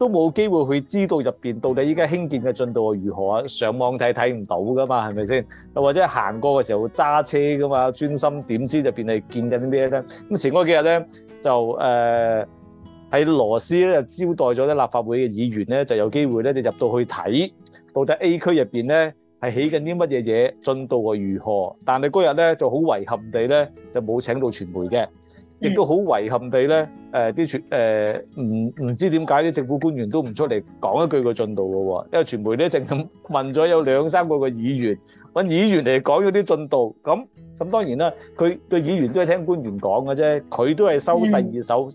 都冇機會去知道入邊到底依家興建嘅進度係如何啊！上網睇睇唔到噶嘛，係咪先？又或者行過嘅時候揸車噶嘛，專心點知入邊係建緊啲咩咧？咁前嗰幾日咧就誒喺、呃、羅斯咧就招待咗啲立法會嘅議員咧，就有機會咧就入到去睇到底 A 區入邊咧係起緊啲乜嘢嘢，進度係如何？但係嗰日咧就好遺憾地咧就冇請到傳媒嘅。亦都好遺憾地咧，誒啲傳誒唔唔知點解啲政府官員都唔出嚟講一句個進度嘅喎，因為傳媒咧正咁問咗有兩三個個議員，搵議員嚟講咗啲進度，咁咁當然啦，佢對議員都係聽官員講嘅啫，佢都係收第二手。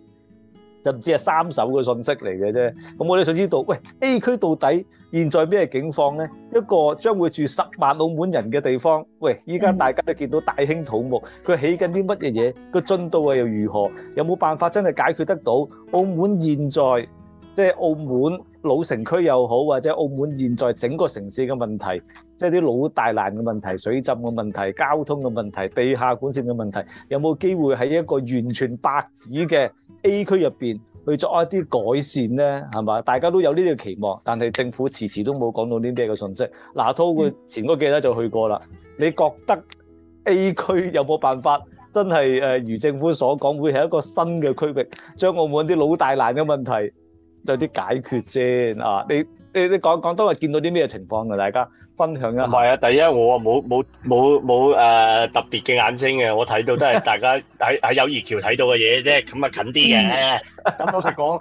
就唔知係三手嘅信息嚟嘅啫。咁我哋想知道，喂 A 區到底現在咩境況呢？一個將會住十萬澳門人嘅地方，喂，依家大家都見到大興土木，佢起緊啲乜嘢嘢？個進度又如何？有冇辦法真係解決得到澳門現在即係澳門老城區又好，或者澳門現在整個城市嘅問題，即係啲老大難嘅問題、水浸嘅問題、交通嘅問題、地下管線嘅問題，有冇機會係一個完全白紙嘅？A 區入邊去作一啲改善呢，係嘛？大家都有呢啲期望，但係政府遲遲都冇講到啲咩嘅信息。嗱，滔滔佢前嗰幾日就去過啦。你覺得 A 區有冇辦法真係誒、呃、如政府所講，會係一個新嘅區域，將澳門啲老大難嘅問題有啲解決先啊？你？你你講講多日見到啲咩情況同大家分享啊？唔係啊，第一我啊冇冇冇冇誒特別嘅眼睛嘅，我睇到都係大家喺喺友誼橋睇到嘅嘢啫，咁啊近啲嘅。咁老實講，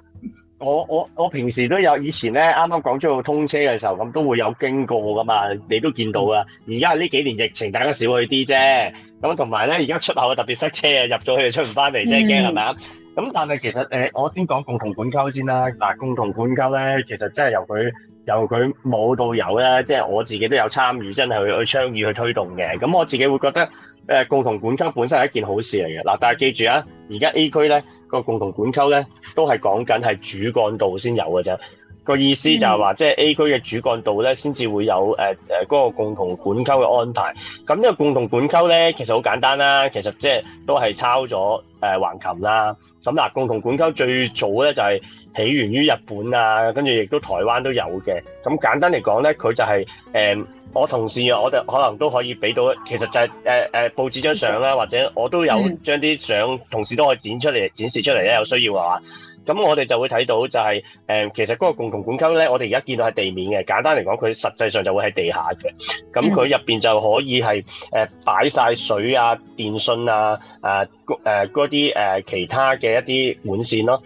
我我我平時都有以前咧，啱啱廣珠路通車嘅時候咁都會有經過噶嘛，你都見到啊。而家呢幾年疫情，大家少去啲啫。咁同埋咧，而家出口特別塞車啊，入咗去就出唔翻嚟啫。驚係咪啊～咁、嗯、但係其實、呃、我先講共同管溝先啦。嗱，共同管溝咧，其實真係由佢由佢冇到有咧，即、就、係、是、我自己都有參與，真係去去倡議去推動嘅。咁、嗯、我自己會覺得、呃、共同管溝本身係一件好事嚟嘅。嗱，但係記住啊，而家 A 區咧、那個共同管溝咧都係講緊係主幹道先有嘅啫。個意思就係話，即、嗯、係、就是、A 區嘅主幹道咧先至會有誒嗰、呃、那個共同管溝嘅安排。咁呢個共同管溝咧其實好簡單啦，其實即係都係抄咗誒、呃、橫琴啦。咁嗱，共同管溝最早咧就係起源於日本啊，跟住亦都台灣都有嘅。咁簡單嚟講咧，佢就係誒、呃，我同事我哋可能都可以俾到，其實就係誒誒，佈置張相啦，或者我都有將啲相，同事都可以展出嚟展示出嚟咧，有需要嘅話。咁我哋就會睇到就係、是、誒、嗯，其實嗰個共同管溝咧，我哋而家見到係地面嘅。簡單嚟講，佢實際上就會喺地下嘅。咁佢入邊就可以係誒擺晒水啊、電信啊、誒誒嗰啲誒其他嘅一啲管線咯。誒、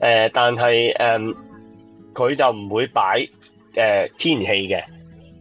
呃，但係誒，佢、呃、就唔會擺誒、呃、天然氣嘅。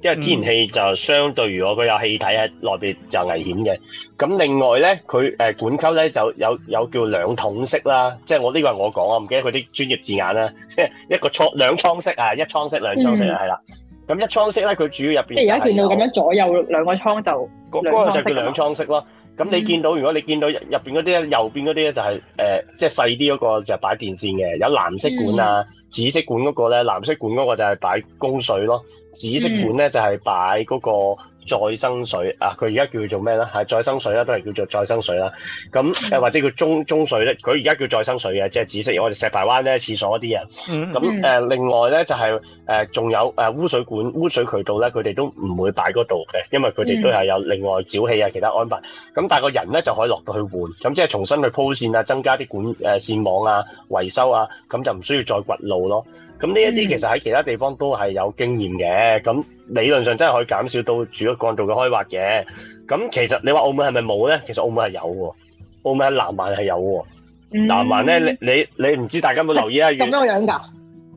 因為天然氣就相對於如果佢有氣體喺內邊就危險嘅。咁另外咧，佢誒管溝咧就有有叫兩桶式啦，即係我呢、呢個係我講我唔記得佢啲專業字眼啦，即係一個倉兩倉式啊，一倉式兩倉式啊，係、嗯、啦，咁一倉式咧，佢主要入邊即係而家見到咁樣左右兩個倉就兩個就叫兩倉式咯。咁、嗯、你見到如果你見到入入邊嗰啲啊，右邊嗰啲咧就係誒即係細啲嗰個就係擺電線嘅，有藍色管啊、嗯、紫色管嗰個咧，藍色管嗰個就係擺供水咯。紫色管咧就係、是、擺嗰個再生水、嗯、啊！佢而家叫做咩咧？係再生水啦，都係叫做再生水啦。咁誒、嗯、或者叫中中水咧，佢而家叫再生水嘅，即、就、係、是、紫色。我哋石排灣咧廁所啲啊，咁、嗯、誒、呃、另外咧就係誒仲有誒、呃、污水管、污水渠道咧，佢哋都唔會擺嗰度嘅，因為佢哋都係有另外沼氣啊其他安排。咁、嗯、但係個人咧就可以落到去換，咁即係重新去鋪線啊，增加啲管誒線網啊，維修啊，咁就唔需要再掘路咯。咁呢一啲其實喺其他地方都係有經驗嘅，咁、嗯、理論上真係可以減少到主要幹道嘅開挖嘅。咁其實你話澳門係咪冇咧？其實澳門係有喎，澳門喺南環係有喎、嗯。南環咧，你你你唔知大家有冇留意啊？咁樣樣㗎，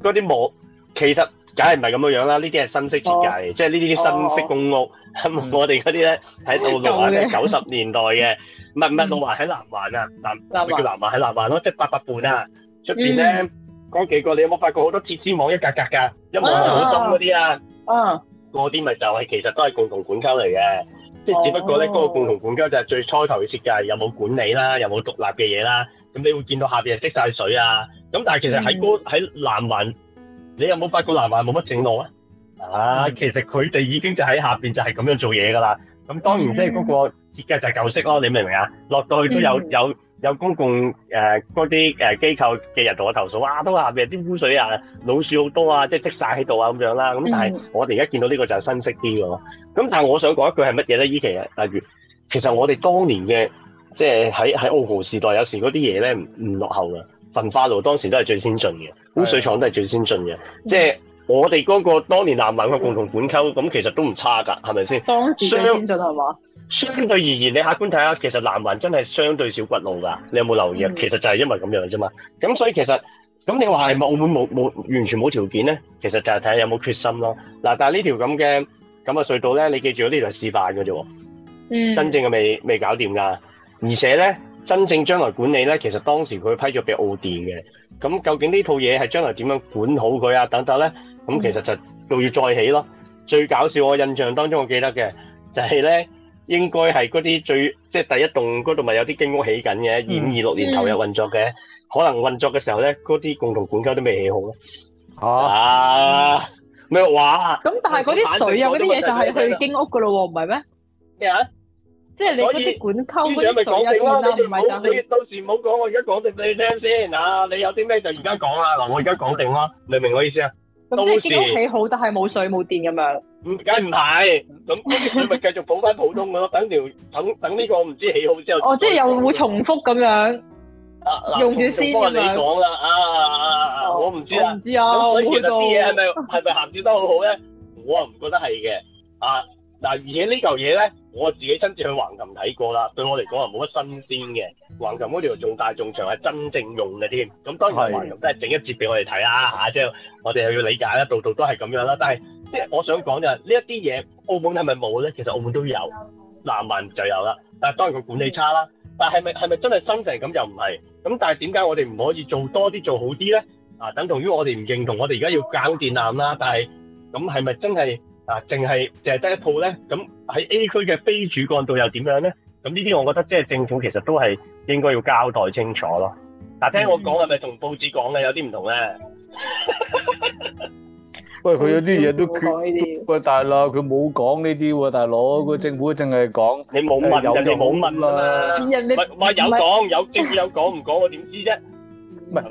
嗰啲冇，其實梗係唔係咁嘅樣啦。呢啲係新式設計，哦、即係呢啲新式公屋。哦、 我哋嗰啲咧喺澳門啊，九十年代嘅乜乜路環喺南環啊，南叫南環喺南環咯，即、就、係、是、八百半啊，出邊咧。講幾個，你有冇發覺好多鐵絲網一格格噶，一模一樣，好深嗰啲啊，嗰啲咪就係其實都係共同管溝嚟嘅，即係只不過咧個共同管溝就係最初頭嘅設計，有冇管理啦，有冇獨立嘅嘢啦，咁你會見到下邊係積晒水啊，咁但係其實喺高喺南環，你有冇發覺南環冇乜整路啊？啊，其實佢哋已經就喺下邊就係咁樣做嘢噶啦，咁當然即係嗰個設計就係舊式咯，你明唔明啊？落到去都有有。有公共誒嗰啲誒機構嘅人同我投訴，哇、啊，都話下邊啲污水啊、老鼠好多啊，即係積晒喺度啊咁樣啦。咁但係我哋而家見到呢個就係新式啲咯。咁、嗯嗯、但係我想講一句係乜嘢咧？依期例如，其實我哋當年嘅即係喺喺澳葡時代，有時嗰啲嘢咧唔落後嘅，焚化爐當時都係最先進嘅，污水廠都係最先進嘅、嗯。即係我哋嗰個當年南灣嘅共同管溝，咁、嗯、其實都唔差㗎，係咪先？當時最先進係嘛？相對而言，你客觀睇下，其實南環真係相對少骨路㗎。你有冇留意啊？Mm -hmm. 其實就係因為咁樣啫嘛。咁所以其實，咁你話係咪澳門冇冇完全冇條件咧？其實就係睇下有冇決心咯。嗱、啊，但係呢條咁嘅咁嘅隧道咧，你記住，呢條示範㗎啫。嗯、mm -hmm.。真正嘅未未搞掂㗎，而且咧，真正將來管理咧，其實當時佢批咗俾澳電嘅。咁究竟呢套嘢係將來點樣管好佢啊？等等咧，咁其實就又要再起咯。最搞笑，我印象當中我記得嘅就係、是、咧。應該係嗰啲最即係第一棟嗰度咪有啲經屋起緊嘅，二五二六年投入運作嘅，可能運作嘅時候咧，嗰啲共同管溝都未起好咯。吓咩話？咁但係嗰啲水啊，嗰啲嘢就係去經屋噶咯喎，唔係咩？咩啊？即係你嗰啲管溝嗰啲水啊，唔係就。你到時唔好講，我而家講定俾你聽先。嗱，你有啲咩就而家講啦。嗱，我而家講定啦，你明我意思啊？咁即係啲屋起好，但係冇水冇電咁樣。嗯，梗係唔係？咁啲水咪繼續補翻普通咯。等條等等呢個我唔知起好之後，哦，即係又會重複咁樣。啊，用住先你講啦。我唔知啊，我唔知啊，我冇去過。啲嘢係咪係咪行住得好好咧？我啊唔覺得係嘅。啊，嗱，而且呢嚿嘢咧。我自己親自去橫琴睇過啦，對我嚟講係冇乜新鮮嘅。橫琴嗰條仲大仲長係真正用嘅添。咁當然橫琴都係整一截俾我哋睇啦嚇，即係我哋又要理解啦，度度都係咁樣啦、啊。但係即係我想講就係呢一啲嘢，澳門係咪冇咧？其實澳門都有，南灣就有啦。但係當然佢管理差啦。但係係咪係咪真係新城咁？又唔係。咁但係點解我哋唔可以做多啲做好啲咧？啊，等同於我哋唔認同我哋而家要降電纜啦。但係咁係咪真係？嗱，淨係淨係得一鋪咧，咁喺 A 區嘅非主幹道又點樣咧？咁呢啲我覺得即係政府其實都係應該要交代清楚咯。嗱，聽我講係咪同報紙講嘅有啲唔同咧？喂，佢有啲嘢都缺喂，大佬佢冇講呢啲喎，大佬個政府淨係講你冇問人哋冇問啊嘛，話有講有證有講，唔講我點知啫？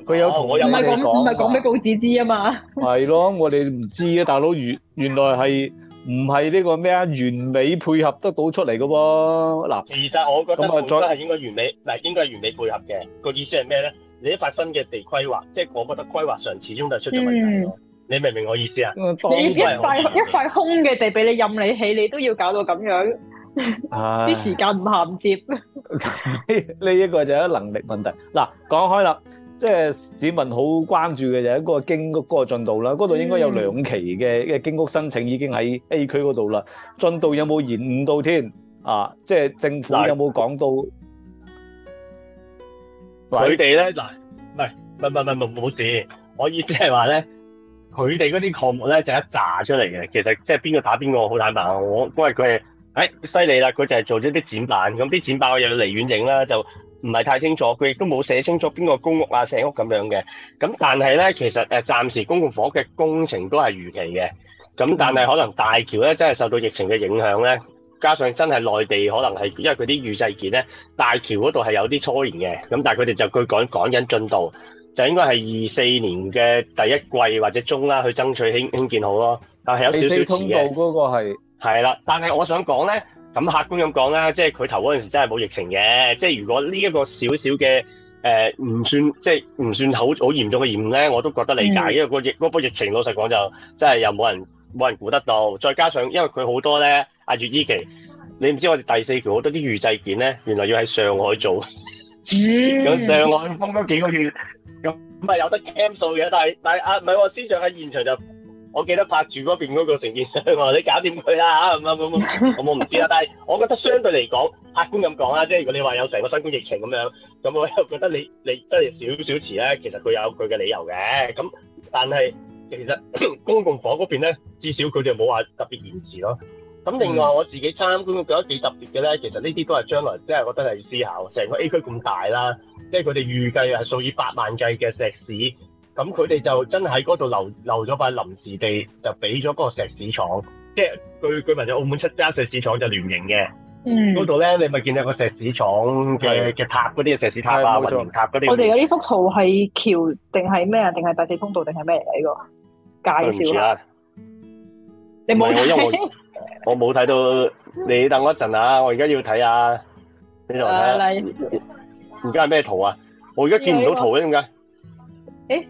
佢、哦、有同我有咩講？唔係講俾報紙知啊嘛。係咯，我哋唔知啊，大佬原原來係唔係呢個咩啊？完美配合得到出嚟嘅喎嗱。其實我覺得都係應，應該完美嗱，應該係完美配合嘅。個意思係咩咧？你一發生嘅地規劃，即係我覺得規劃上始終都係出咗問題、嗯、你明唔明我意思啊？你一塊一塊空嘅地俾你任你起，你都要搞到咁樣，啲、哎、時間唔銜接。呢 一個就係能力問題。嗱，講開啦。即係市民好關注嘅就係一個經屋嗰個進度啦，嗰度應該有兩期嘅嘅經屋申請已經喺 A 區嗰度啦。進度有冇延誤到添啊？即係政府有冇講到？佢哋咧，嗱，唔係唔係唔係唔係冇事。我意思係話咧，佢哋嗰啲項目咧就一炸出嚟嘅。其實即係邊個打邊個好坦白，我因為佢係誒犀利啦，佢就係做咗啲展板，咁啲展板我又要離遠影啦就。唔係太清楚，佢亦都冇寫清楚邊個公屋啊、社屋咁樣嘅。咁但係咧，其實誒，暫時公共房屋嘅工程都係如期嘅。咁但係可能大橋咧，真係受到疫情嘅影響咧，加上真係內地可能係因為佢啲預製件咧，大橋嗰度係有啲拖延嘅。咁但係佢哋就據講講緊進度，就應該係二四年嘅第一季或者中啦，去爭取興興建好咯。但係有少少遲嘅。第四通道嗰個係。係啦，但係我想講咧。咁客觀咁講啦，即係佢頭嗰陣時真係冇疫情嘅。即係如果呢一個小小嘅唔、呃、算即係唔算好好嚴重嘅嚴問咧，我都覺得理解。因為個疫嗰波疫情老實講就真係又冇人冇人估得到，再加上因為佢好多咧，阿月依期，你唔知我哋第四期好多啲預製件咧，原來要喺上海做，咁、嗯、 上海封多幾個月，咁咁啊有得 c 數嘅，但係但係啊唔係我司長喺現場就。我記得拍住嗰邊嗰個承建商話：你搞掂佢啦，咁樣，咁我冇唔知啦。但係我覺得相對嚟講，客觀咁講啦，即係如果你話有成個新冠疫情咁樣，咁我又覺得你你真係少少遲咧，其實佢有佢嘅理由嘅。咁但係其實公共房嗰邊咧，至少佢哋冇話特別延遲咯。咁另外我自己參觀覺得幾特別嘅咧，其實呢啲都係將來即係我覺得係要思考。成個 A 區咁大啦，即係佢哋預計係數以百萬計嘅石屎。咁佢哋就真係喺嗰度留留咗塊臨時地，就俾咗嗰個石屎廠，即係據據聞，就澳門七家石屎廠就聯營嘅。嗯，嗰度咧，你咪見到個石屎廠嘅嘅塔，嗰啲石屎塔啊，混凝土塔嗰啲。我哋嘅呢幅圖係橋定係咩啊？定係第四風道定係咩嚟？呢個介紹啊？你冇因為我我冇睇到，你等我一陣啊！我而家要睇下啊，你同我睇下。嚟，而家係咩圖啊？我而家見唔到圖咧，點解？誒？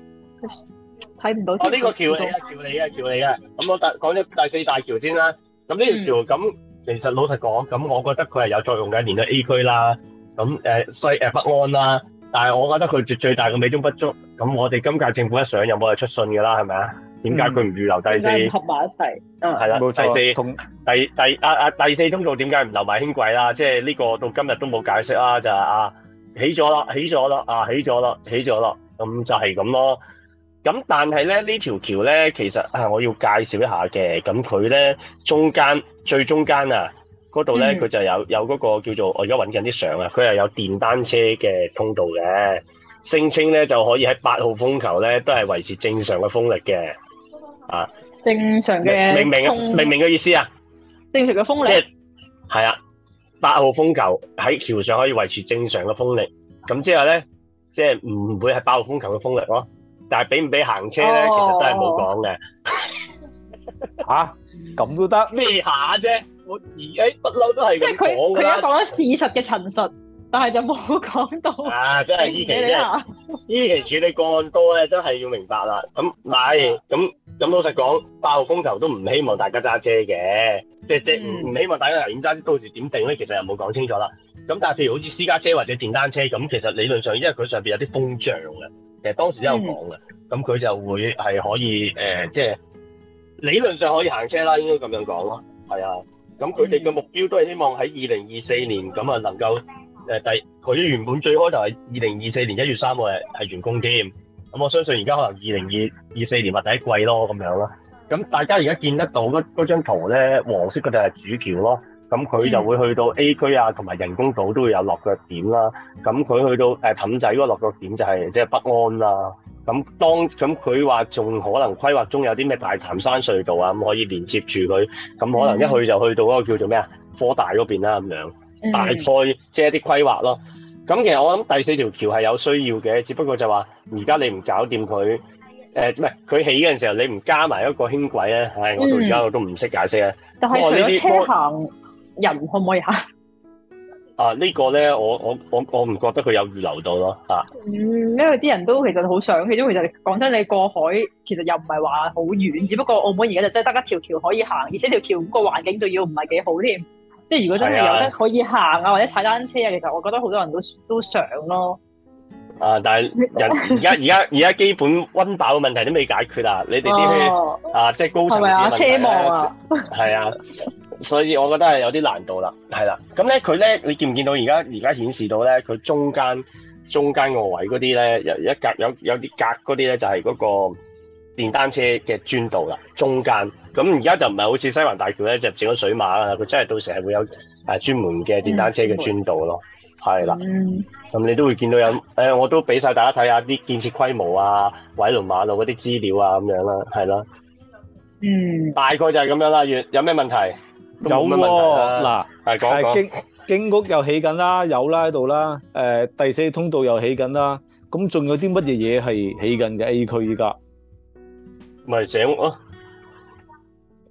睇唔到這哦，呢、這個橋嚟啊，橋嚟啊，橋嚟啊！咁、嗯、我第講咗第四大橋先啦。咁呢條橋咁，嗯、其實老實講，咁我覺得佢係有作用嘅，連咗 A 區啦，咁誒西誒北安啦。但係我覺得佢最最大嘅美中不足，咁我哋今屆政府一上，又冇係出信噶啦，係咪啊？點解佢唔預留第四？嗯、合埋一齊，係、啊、啦，冇第四通第第啊啊第四通道點解唔留埋輕軌啦？即係呢個到今日都冇解釋啊！就係、是、啊，起咗啦，起咗啦，啊，起咗啦，起咗啦，咁、啊、就係咁咯。咁但係咧，呢條橋咧，其實啊，我要介紹一下嘅。咁佢咧中間最中間啊嗰度咧，佢就有有嗰個叫做我而家搵緊啲相啊。佢係有電單車嘅通道嘅，聲稱咧就可以喺八號風球咧都係維持正常嘅風力嘅啊。正常嘅明唔明啊？明唔明嘅意思啊？正常嘅風力即係係啊，八號風球喺橋上可以維持正常嘅風力，咁即係咧，即係唔會係八號風球嘅風力咯、哦。但係俾唔俾行車咧，其實都係冇講嘅。嚇、oh. 啊，咁都得咩下啫？我而家不嬲都係即係佢佢而家講咗事實嘅陳述， 但係就冇講到。啊，真係呢期真係呢期處理個案多咧，真係要明白啦。咁 係，咁咁老實講，八號風球都唔希望大家揸車嘅，mm. 即係即係唔唔希望大家留言揸車。到時點定咧，其實又冇講清楚啦。咁但係譬如好似私家車或者電單車咁，其實理論上因為佢上邊有啲風障嘅。其實當時都有講嘅，咁佢就會係可以誒，即係理論上可以行車啦，應該咁樣講咯。係啊，咁佢哋嘅目標都係希望喺二零二四年咁啊能夠誒第，佢原本最開頭係二零二四年一月三號係係完工添。咁我相信而家可能二零二二四年咪第一季咯咁樣咯。咁大家而家見得到嗰嗰張圖咧，黃色嗰度係主橋咯。咁、嗯、佢就會去到 A 區啊，同埋人工島都會有落腳點啦。咁佢去到誒氹、呃、仔嗰個落腳點就係即係北安啦、啊。咁當咁佢話仲可能規劃中有啲咩大潭山隧道啊，咁可以連接住佢。咁可能一去就去到嗰個叫做咩啊科大嗰邊啦、啊、咁樣。大概即係啲規劃咯。咁其實我諗第四條橋係有需要嘅，只不過就話而家你唔搞掂佢誒，唔係、呃、佢起嘅時候你唔加埋一個輕軌咧。唉、哎，我到而家我都唔識解釋咧、嗯。但係上車行、哦。人可唔可以行？啊，這個、呢個咧，我我我我唔覺得佢有預留到咯，啊。嗯，因為啲人都其實好想，其中其實講真，你過海其實又唔係話好遠，只不過澳門而家就真係得一條橋可以行，而且條橋個環境仲要唔係幾好添。即係如果真係有得、啊、可以行啊，或者踩單車啊，其實我覺得好多人都都想咯。啊，但係人而家而家而家基本溫飽嘅問題都未解決、哦、啊！你哋啲啊，即係高層嘅問題咧，係啊。 所以，我覺得係有啲難度了啦，係啦。咁咧，佢咧，你見唔見到而家而家顯示到咧？佢中間中間個位嗰啲咧，有一格有有啲格嗰啲咧，就係、是、嗰個電單車嘅專道啦。中間咁而家就唔係好似西灣大橋咧，就整咗水馬啦。佢真係到時係會有誒專門嘅電單車嘅專道咯。係、嗯、啦，咁、嗯嗯、你都會見到有誒、呃，我都俾晒大家睇下啲建設規模啊、偉龍馬路嗰啲資料啊咁樣啦，係啦，嗯，大概就係咁樣啦。有咩問題？有喎嗱，係經經屋又起緊啦，有啦喺度啦，誒第四通道又起緊啦，咁仲有啲乜嘢嘢係起緊嘅 A 區依家？咪整咯，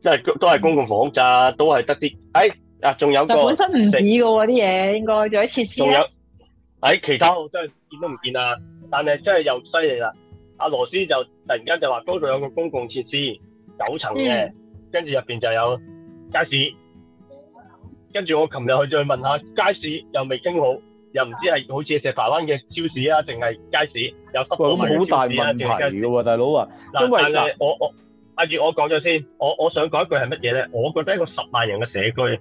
即係都係公共房屋咋，都係得啲誒啊，仲有個本身唔止噶喎啲嘢，應該仲有設施。仲有誒，其他我真係見都唔見啦！但係真係又犀利啦，阿羅斯就突然間就話嗰度有個公共設施，九層嘅，跟住入邊就有街市。跟住我琴日去再問下街市，市街市，又未傾好，又唔知係好似石排灣嘅超市啊，定係街市有失火？好大問題，大佬啊！因為但係我我阿月我講咗先，我我想講一句係乜嘢咧？我覺得一個十萬人嘅社區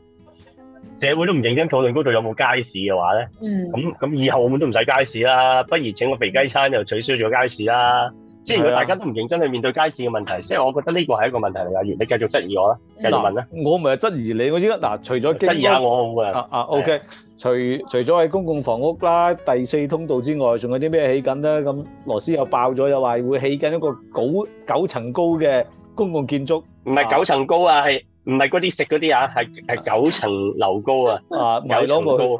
社會都唔認真討論嗰度有冇街市嘅話咧，嗯，咁咁以後我哋都唔使街市啦，不如整個肥雞餐又取消咗街市啦。即係如果大家都唔認真去面對街市嘅問題，即係我覺得呢個係一個問題嚟嘅。如你繼續質疑我啦，繼續問啦，我咪質疑你。我依家嗱，除咗質疑下我好啊。啊啊，OK。除除咗喺公共房屋啦、第四通道之外，仲有啲咩起緊咧？咁羅斯又爆咗，又話會起緊一個九九層高嘅公共建築。唔係九層高啊，係唔係嗰啲食嗰啲啊？係係九層樓高啊。啊，九層高。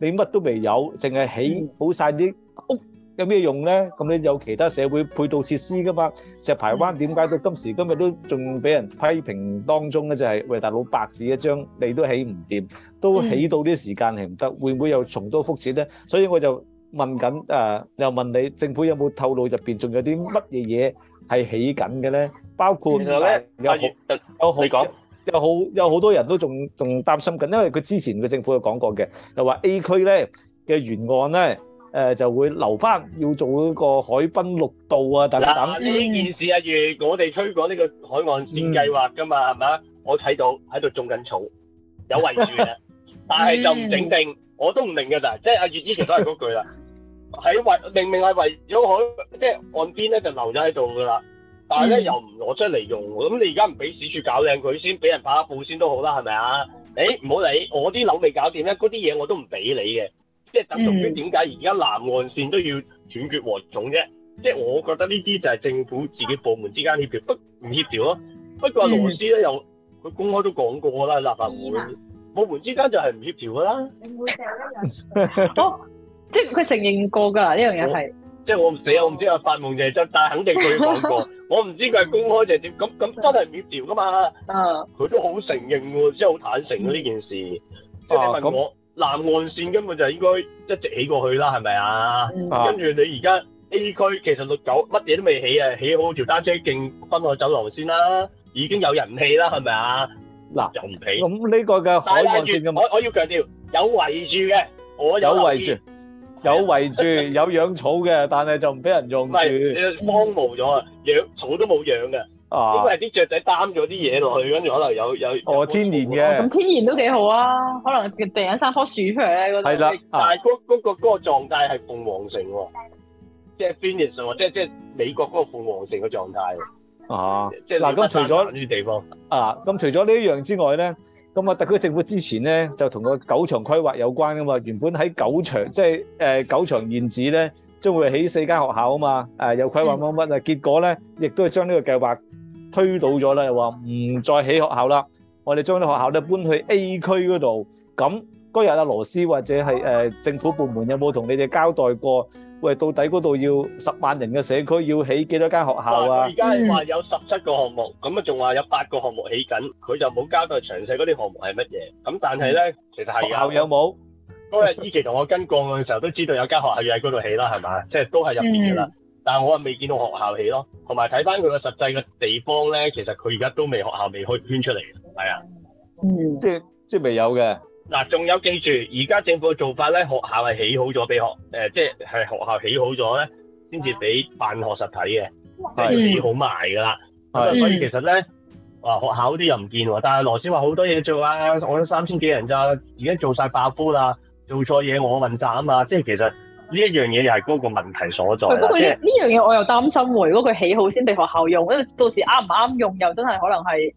你乜都未有，淨係起好晒啲屋，有咩用咧？咁你有其他社會配套設施噶嘛？石排灣點解到今時今日都仲俾人批評當中咧？就係喂，大佬白紙一張，你都起唔掂，都起到啲時間係唔得，會唔會又重蹈覆轍咧？所以我就問緊誒，又問你政府有冇透露入邊仲有啲乜嘢嘢係起緊嘅咧？包括其實咧，有好，你講。有好有好多人都仲仲擔心緊，因為佢之前嘅政府有講過嘅，又話 A 區咧嘅沿岸咧，誒就會留翻要做嗰個海濱綠道啊等等。嗱，呢件事阿月，我哋推廣呢個海岸線計劃噶嘛，係咪啊？我睇到喺度種緊草，有圍住嘅，但係就唔整定，我都唔明嘅，但係即係阿月之前都係嗰句啦，係圍明明係圍咗海，即係岸邊咧就留咗喺度噶啦。但係咧又唔攞出嚟用喎，咁、嗯嗯、你而家唔俾市處搞靚佢先，俾人拍下布先都好啦，係咪啊？誒唔好理，我啲樓未搞掂咧，嗰啲嘢我都唔俾你嘅。即係等同於點解而家南岸線都要斷絕和種啫？即係我覺得呢啲就係政府自己部門之間協調不唔協調咯、啊。不過啊，羅斯咧、嗯、又佢公開都講過啦，立法會部門之間就係唔協調㗎啦。你每訂一樣，即係佢承認過㗎呢樣嘢係。這個即係我唔死，我唔知佢發夢定係真，但係肯定佢講過。我唔知佢係公開定係點，咁咁真係唔協調㗎嘛？嗯。佢都好承認喎，即係好坦誠呢件事。即係你問我南岸線根本就應該一直起過去啦，係咪啊？啊。跟住你而家 A 區其實六九乜嘢都未起啊，起好條單車徑分個走廊先啦，已經有人氣啦，係咪啊？嗱，又唔起。咁呢個嘅海岸線，我我要強調有圍住嘅，我有圍住。有圍住，有養草嘅，但係就唔俾人用住。唔係荒蕪咗啊，養草都冇養嘅。啊，因為啲雀仔擔咗啲嘢落去，跟住可能有有。哦，天然嘅。咁天然都幾好啊，可能掟咗三棵樹出嚟咧嗰度。係啦，但係嗰嗰個嗰個狀態係鳳凰城喎，即係 finish 喎，即係即係美國嗰個鳳凰城嘅狀態啊。即係嗱，咁除咗呢啲地方啊，咁除咗呢一樣之外咧。咁啊，特區政府之前咧就同個狗場規劃有關噶嘛，原本喺狗場即係誒狗場現址咧，將會起四間學校啊嘛，誒有規劃冇乜啊，結果咧亦都係將呢個計劃推倒咗啦，又話唔再起學校啦，我哋將啲學校咧搬去 A 區嗰度。咁嗰日阿羅司或者係誒政府部門有冇同你哋交代過？喂，到底嗰度要十萬人嘅社區要起幾多間學校啊？而家係話有十七個項目，咁啊仲話有八個項目起緊，佢就冇交代詳細嗰啲項目係乜嘢。咁但係咧，其實係學校有冇？嗰日依期同我跟過嘅時候都知道有間學校要喺嗰度起啦，係咪？即係都係入邊嘅啦。但係我係未見到學校起咯。同埋睇翻佢個實際嘅地方咧，其實佢而家都未學校未開圈出嚟嘅，係啊、嗯，即係即係未有嘅。嗱，仲有記住，而家政府嘅做法咧，學校係起好咗俾學，誒、呃，即係學校起好咗咧，先至俾辦學實體嘅、嗯，就係、是、起好賣㗎啦。所以其實咧，哇、呃，學校嗰啲又唔見喎。但係羅司話好多嘢做啊，我得三千幾人咋，而家做晒爆煲啦，做錯嘢我問責啊嘛。即係其實呢一樣嘢又係嗰個問題所在的。不過呢呢樣嘢我又擔心喎，如果佢起好先俾學校用，因為到時啱唔啱用又真係可能係。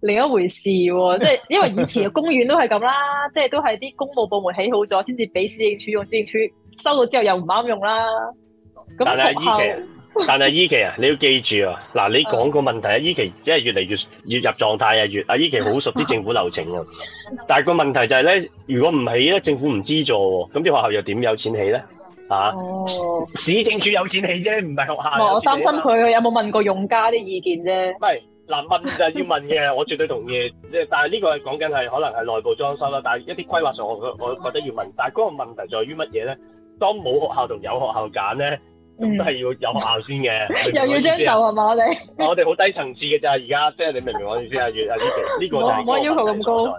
另一回事喎，即係因為以前嘅公園都係咁啦， 即係都係啲公務部門起好咗，先至俾市政處用，市政處收到之後又唔啱用啦。但係依期， 但係依期啊，你要記住啊，嗱，你講個問題啊，依期即係越嚟越越入狀態啊，越啊依期好熟啲政府流程啊。 但係個問題就係、是、咧，如果唔起咧，政府唔資助，咁啲學校又點有錢起咧？啊，哦、市政處有錢起啫，唔係學校。我擔心佢有冇問過用家啲意見啫。咪。嗱，問就係要問嘅，我絕對同意。即係，但係呢個係講緊係可能係內部裝修啦。但係一啲規劃上，我我覺得要問。但係嗰個問題在於乜嘢咧？當冇學校同有學校揀咧，咁都係要有學校先嘅。又要將就係嘛？我哋啊，我哋好低層次嘅咋而家，即係你明唔明我意思啊？阿阿呢條呢個就唔可以要求咁高。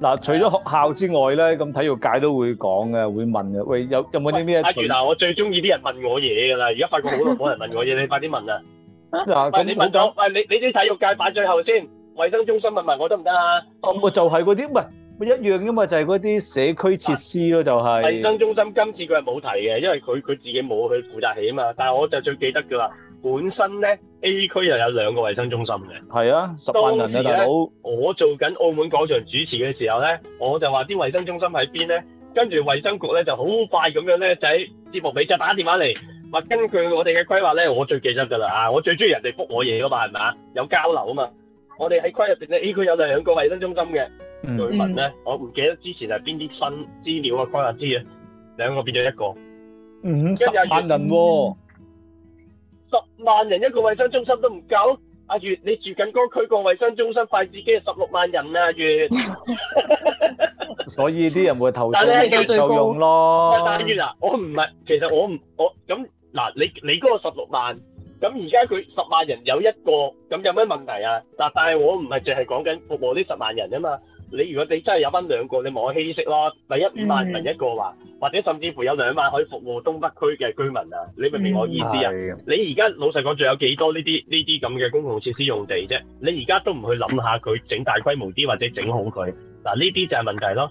嗱，除咗學校之外咧，咁體育界都會講嘅，會問嘅。喂，有有冇啲咩？阿元啊，我最中意啲人問我嘢噶啦。而家發覺好多冇人問我嘢，你快啲問啦！嗱，咁我，喂，你你啲體育界擺最後先，衞生中心問問我得唔得啊？我我就係嗰啲，唔係，咪一樣嘅嘛，就係嗰啲社區設施咯，就係。衞生中心今次佢係冇提嘅，因為佢佢自己冇去負責起啊嘛。但係我就最記得嘅啦，本身咧 A 區又有兩個衞生中心嘅。係啊，十萬人啊，大佬。我做緊澳門廣場主持嘅時候咧，我就話啲衞生中心喺邊咧，跟住衞生局咧就好快咁樣咧就喺節目尾就打電話嚟。物根據我哋嘅規劃咧，我最記得㗎啦啊！我最中意人哋覆我嘢㗎嘛，係咪啊？有交流啊嘛！我哋喺區入邊咧，A 區有兩個衞生中心嘅。嗯。最近咧，我唔記得之前係邊啲新資料啊，規劃啲啊，兩個變咗一個五十萬人喎，十萬人一個衞生中心都唔夠。阿月，你住緊嗰個區個衞生中心快自己十六萬人啊，月。所以啲人會投訴，但係夠用咯。但係月嗱，我唔係，其實我唔我咁。嗱，你你嗰個十六萬，咁而家佢十萬人有一個，咁有咩問題啊？嗱，但係我唔係淨係講緊服務呢十萬人啊嘛。你如果你真係有翻兩個，你望可稀釋咯。第一五萬人一個話，或者甚至乎有兩萬可以服務東北區嘅居民啊。你明唔明我意思啊？你而家老實講，仲有幾多呢啲呢啲咁嘅公共設施用地啫？你而家都唔去諗下佢整大規模啲或者整好佢？嗱，呢啲就係問題咯。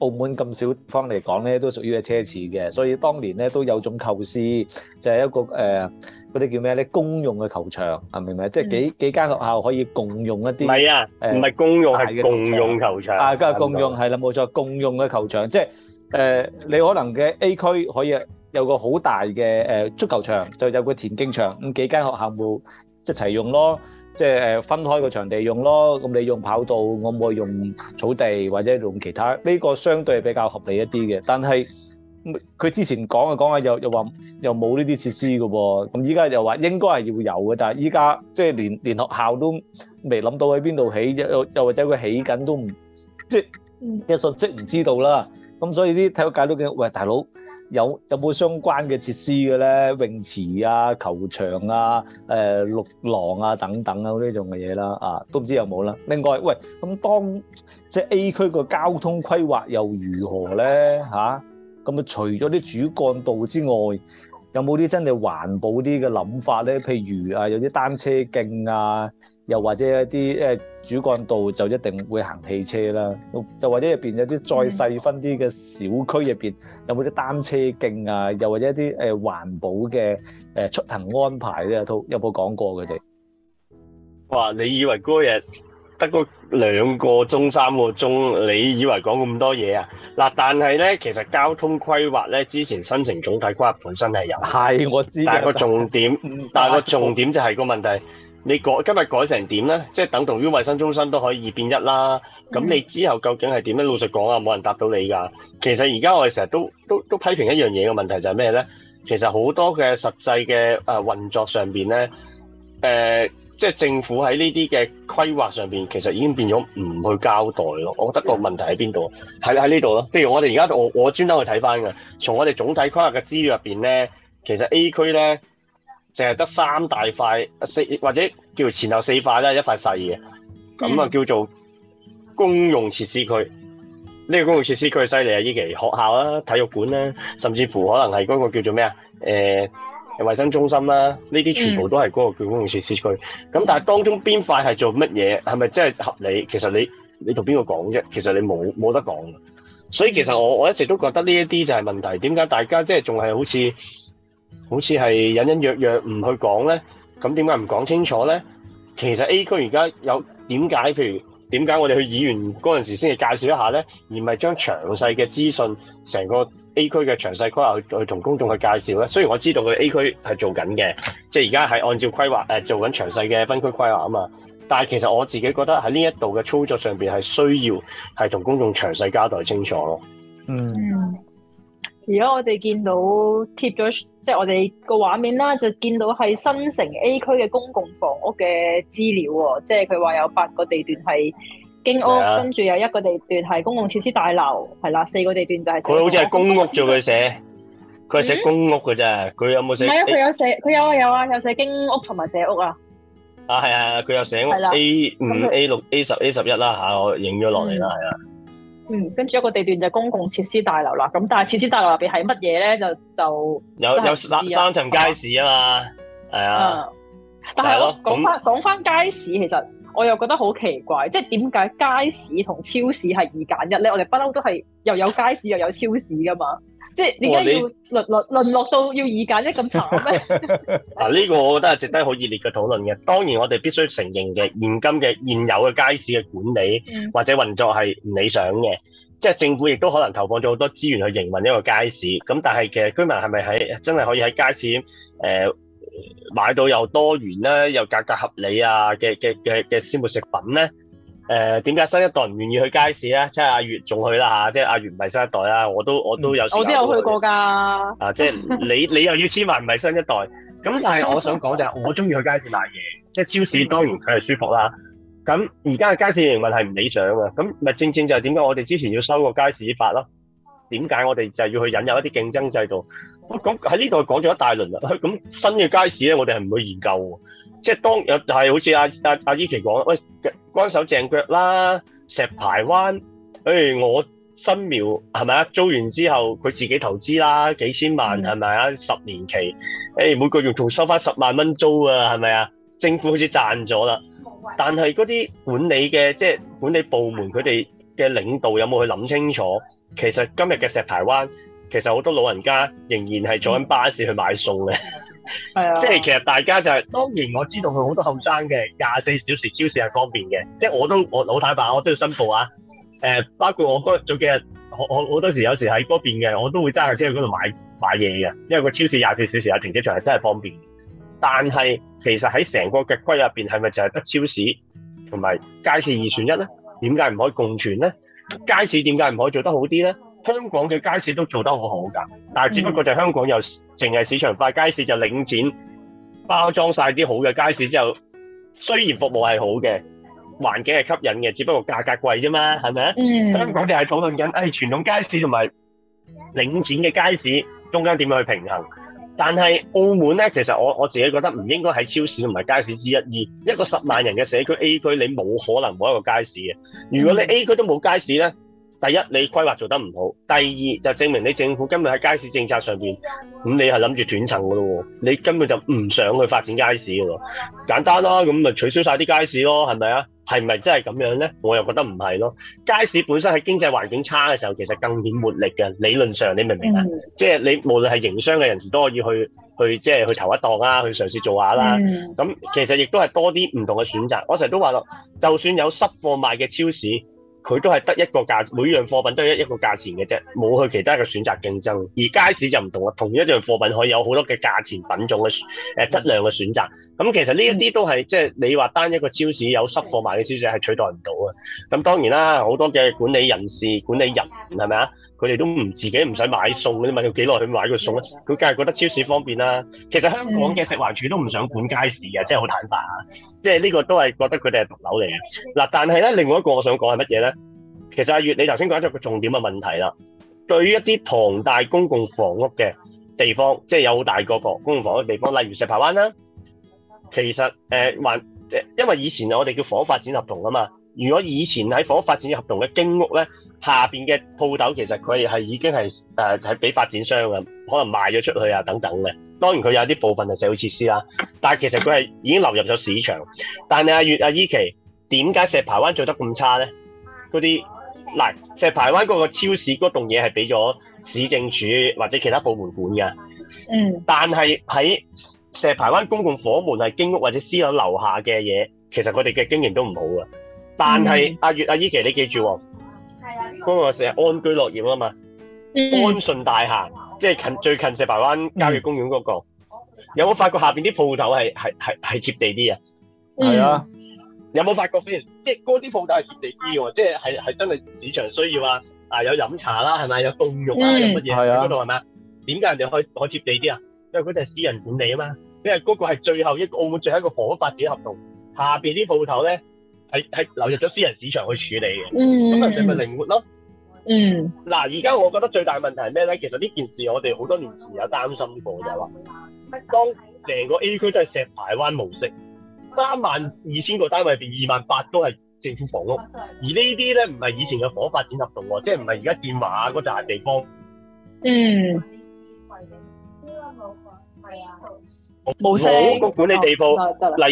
澳門咁少方嚟講咧，都屬於係奢侈嘅，所以當年咧都有種構思，就係一個誒嗰啲叫咩咧公用嘅球場，啊，明唔明啊？即係幾幾間學校可以共用一啲，唔係啊，唔係公用係共用球場啊，咁啊，共用係啦，冇錯，共用嘅球場，即係誒你可能嘅 A 區可以有個好大嘅誒足球場，就有個田徑場，咁幾間學校會一齊用咯。即係誒分開個場地用咯，咁你用跑道，我唔會用草地或者用其他，呢個相對比較合理一啲嘅。但係佢之前講啊講啊又又話又冇呢啲設施嘅喎，咁依家又話應該係要有嘅，但係依家即係連連學校都未諗到喺邊度起，又又或者佢起緊都唔即係信息唔知道啦。咁所以啲體育界都驚，喂大佬！有有冇相關嘅設施嘅咧？泳池啊、球場啊、誒綠廊啊等等啊，呢種嘅嘢啦，啊都唔知有冇啦。另外，喂，咁當即係 A 區個交通規劃又如何咧？吓，咁啊，除咗啲主幹道之外，有冇啲真係環保啲嘅諗法咧？譬如啊，有啲單車徑啊。又或者一啲誒主幹道就一定會行汽車啦，又或者入邊有啲再細分啲嘅小區入邊有冇啲單車徑啊？又或者一啲誒環保嘅誒出行安排咧、啊，都有冇講過佢哋？哇！你以為嗰日得嗰兩個鐘三個鐘，你以為講咁多嘢啊？嗱、啊，但係咧，其實交通規劃咧，之前新城總體規劃本身係有，係我知道，但係個重點， 但係個重點就係個問題。你改今日改成點咧？即係等同於衞生中心都可以二變一啦。咁你之後究竟係點咧？老實講啊，冇人答到你噶。其實而家我哋成日都都都批評一樣嘢嘅問題就係咩咧？其實好多嘅實際嘅誒運作上邊咧，誒即係政府喺呢啲嘅規劃上邊，其實已經變咗唔去交代咯。我覺得個問題喺邊度？喺喺呢度咯。譬如我哋而家我我專登去睇翻嘅，從我哋總體規劃嘅資料入邊咧，其實 A 區咧。淨係得三大塊，四或者叫前後四塊啦，一塊細嘅，咁啊叫做公用設施區。呢個公用設施區犀利啊！依期學校啊，體育館啦，甚至乎可能係嗰個叫做咩啊？誒，衛生中心啦，呢啲全部都係嗰個叫公用設施區。咁但係當中邊塊係做乜嘢？係咪真係合理？其實你你同邊個講啫？其實你冇冇得講嘅。所以其實我我一直都覺得呢一啲就係問題。點解大家即係仲係好似？好似係隱隱約約唔去講呢，咁點解唔講清楚呢？其實 A 區而家有點解？譬如點解我哋去議員嗰陣時先去介紹一下呢？而唔係將詳細嘅資訊，成個 A 區嘅詳細規劃去同公眾去介紹呢？雖然我知道佢 A 區係做緊嘅，即係而家係按照規劃，誒，做緊詳細嘅分區規劃啊嘛，但係其實我自己覺得喺呢一度嘅操作上邊係需要係同公眾詳細交代清楚咯。嗯。而家我哋見到貼咗，即係我哋個畫面啦，就見到係新城 A 區嘅公共房屋嘅資料喎，即係佢話有八個地段係經屋，跟住有一個地段係公共設施大樓，係啦，四個地段就係。佢好似係公屋做佢寫，佢寫，寫公屋嘅啫，佢、嗯、有冇寫？唔係啊，佢有寫，佢有啊有啊，有寫經屋同埋寫屋啊。啊，係啊，佢有寫屋 A 五、A 六、A 十、A 十一啦嚇，我影咗落嚟啦，係、嗯、啊。嗯，跟住一個地段就公共設施大樓啦，咁但係設施大樓入邊係乜嘢咧？就就有、就是、有三，三層街市啊嘛，係啊。但係我講翻講翻翻街市，其實我又覺得好奇怪，即係點解街市同超市係二揀一咧？我哋不嬲都係又有街市又有超市噶嘛。即係點解要淪落淪落到要議價咧咁慘咧？嗱、啊、呢、這個我覺得係值得好熱烈嘅討論嘅。當然我哋必須承認嘅現今嘅現有嘅街市嘅管理或者運作係唔理想嘅、嗯。即係政府亦都可能投放咗好多資源去營運一個街市。咁但係其實居民係咪喺真係可以喺街市誒、呃、買到又多元啦，又價格,格合理啊嘅嘅嘅嘅鮮活食品咧？誒點解新一代唔願意去街市咧？即係阿月仲去啦嚇，即係阿月唔係新一代啦，我都我都有。我都有，去，我有去過㗎、啊。啊，即 係你你又要黐埋唔係新一代，咁但係我想講就係我中意去街市買嘢，即係超市當然佢係舒服啦。咁而家嘅街市營運係唔理想嘅。咁咪正正就係點解我哋之前要收個街市法咯？點解我哋就要去引入一啲競爭制度？咁喺呢度講咗一大輪啦。咁新嘅街市咧，我哋係唔去研究。即係當有，係好似阿阿阿依琪講，喂，乾手淨腳啦，石排灣，誒、哎，我新苗係咪啊？租完之後佢自己投資啦，幾千萬係咪啊？十年期，誒、哎，每個月仲收翻十萬蚊租啊，係咪啊？政府好似賺咗啦，但係嗰啲管理嘅即係管理部門佢哋嘅領導有冇去諗清楚？其實今日嘅石排灣，其實好多老人家仍然係坐緊巴士去買餸嘅。係啊，即係其實大家就係、是，當然我知道佢好多後生嘅廿四小時超市係方便嘅，即、就、係、是、我都我好坦白，我都要申報啊。誒、呃，包括我嗰日早幾日，我我好多時有時喺嗰邊嘅，我都會揸架車去嗰度買買嘢嘅，因為個超市廿四小時有停車場係真係方便的。但係其實喺成個格局入邊，係咪就係得超市同埋街市二選一咧？點解唔可以共存咧？街市點解唔可以做得好啲咧？香港嘅街市都做得好好噶，但係只不過就香港又淨係市場化，街市就領展包裝晒啲好嘅街市之後，雖然服務係好嘅，環境係吸引嘅，只不過價格貴啫嘛，係咪啊？Mm. 香港就係討論緊，誒、哎、傳統街市同埋領展嘅街市中間點樣去平衡？但係澳門呢，其實我我自己覺得唔應該喺超市同埋街市之一二，一個十萬人嘅社區 A 區你冇可能冇一個街市嘅。如果你 A 區都冇街市呢。Mm. 第一，你規劃做得唔好；第二，就證明你政府根本喺街市政策上邊，咁你係諗住斷層噶咯喎，你根本就唔想去發展街市噶喎。簡單啦，咁咪取消晒啲街市咯，係咪啊？係咪真係咁樣咧？我又覺得唔係咯。街市本身喺經濟環境差嘅時候，其實更顯活力嘅。理論上你明唔明啊？即係 Mm-hmm. 你無論係營商嘅人士都可以去去即係去投一檔啊，去嘗試做下啦。咁其實亦都係多啲唔同嘅選擇。我成日都話咯，就算有濕貨賣嘅超市。佢都係得一個價，每一樣貨品都係一一個價錢嘅啫，冇去其他嘅選擇競爭。而街市就唔同啦，同一樣貨品可以有好多嘅價錢品種嘅誒質量嘅選擇。咁其實呢一啲都係即係你話單一個超市有濕貨賣嘅超市係取代唔到啊。咁當然啦，好多嘅管理人士管理人係咪啊？佢哋都唔自己唔使買餸嘅，啲嘛，要幾耐去買個餸咧？佢梗係覺得超市方便啦，啊。其實香港嘅食環署都唔想管街市嘅，即係好坦白啊！即係呢個都係覺得佢哋係獨樓嚟嘅。嗱，啊，但係咧，另外一個我想講係乜嘢咧？其實阿、啊、月，你頭先講咗個重點嘅問題啦。對於一啲龐大公共房屋嘅地方，即、就、係、是、有好大個公公共房屋嘅地方，例如石排灣啦，啊。其實誒、還、呃、即因為以前我哋叫房屋發展合同啊嘛。如果以前喺房屋發展合同嘅經屋咧，下邊嘅鋪頭其實佢係已經係誒係俾發展商嘅，可能賣咗出去啊等等嘅。當然佢有啲部分係社會設施啦，但係其實佢係已經流入咗市場。但係阿月阿伊琪，點解石排灣做得咁差呢？嗰啲嗱石排灣嗰個超市嗰棟嘢係俾咗市政署或者其他部門管嘅，嗯，但係喺石排灣公共火門係經屋或者私樓樓下嘅嘢，其實佢哋嘅經營都唔好啊。但係、嗯、阿月阿伊琪，你記住、哦。嗰個成日安居樂業啊嘛，安順大廈，嗯、即係近最近石排灣郊野公園嗰、嗰個，嗯、有冇發覺下面啲鋪頭係係係係貼地啲啊？係、嗯、啊，有冇發覺先？即係嗰啲鋪頭係貼地啲喎，即係係係真係市場需要啊！啊，有飲茶啦，係咪有凍肉啊，有乜嘢喺嗰度係咪啊？點解人哋可以可以貼地啲啊？因為佢哋係私人管理啊嘛，因為嗰個係最後一個澳門最後一個火發展合同，下面啲鋪頭咧。係係流入咗私人市場去處理嘅，咁、嗯、人哋咪靈活咯。嗯，嗱，而家我覺得最大問題係咩咧？其實呢件事我哋好多年前有擔心過，就係話當成個 A 區都係石排灣模式，三萬二千個單位入邊，二萬八都係政府房屋，嗯、而呢啲咧唔係以前嘅火發展合同喎，即係唔係而家建華嗰扎地方。嗯。模式。冇個管理地步，例、哦、啦，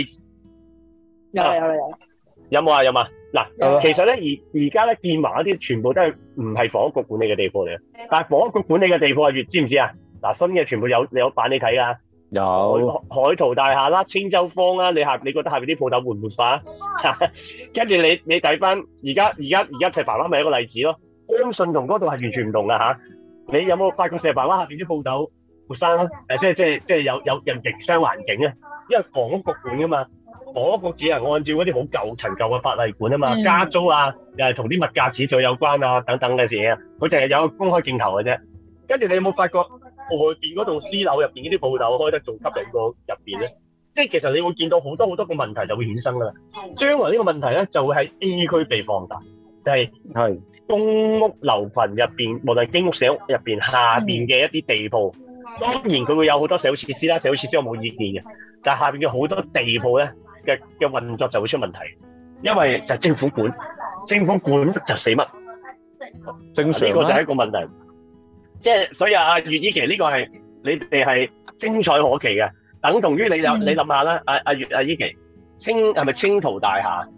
有有、啊、有有冇啊？有嘛、啊？嗱，其實咧，而而家咧建埋一啲全部都係唔係房屋局管理嘅地方嚟啊。但係房屋局管理嘅地方啊，越知唔知啊？嗱，新嘅全部有你有版你睇啊。有海圖大廈啦，青洲坊啦、啊，你下你覺得下邊啲鋪頭活唔活化啊？跟住你你睇翻而家而家而家石排灣咪一個例子咯。相信同嗰度係完全唔同嘅嚇、啊。你有冇發覺石排灣下邊啲鋪頭活生啊？即係即係即係有有有營商環境啊？因為房屋局管噶嘛。嗰個只能按照嗰啲好舊陳舊嘅法例管啊嘛、嗯，加租啊又係同啲物價指數有關啊，等等嘅事。啊。佢淨係有個公開鏡頭嘅啫。跟住你有冇發覺外面嗰棟私樓入邊啲鋪頭開得仲吸引過入面咧？即係其實你會見到好多好多個問題就會衍生啦。將來呢個問題咧就會喺 A 區被放大，就係、是、係公屋樓群入面，無論經屋社屋入面下面嘅一啲地鋪，當然佢會有好多社會設施啦。社會設施我冇意見嘅，但下面嘅好多地鋪咧。嘅嘅運作就會出問題，因為就係政府管，政府管就死乜正常，啊。呢、啊呢個就係一個問題，即、就、係、是、所以啊，阿月依琪呢個係你哋係精彩可期嘅，等同於你有、嗯、你諗下啦，阿、啊、阿月阿依、啊、琪，青係咪青桃大廈？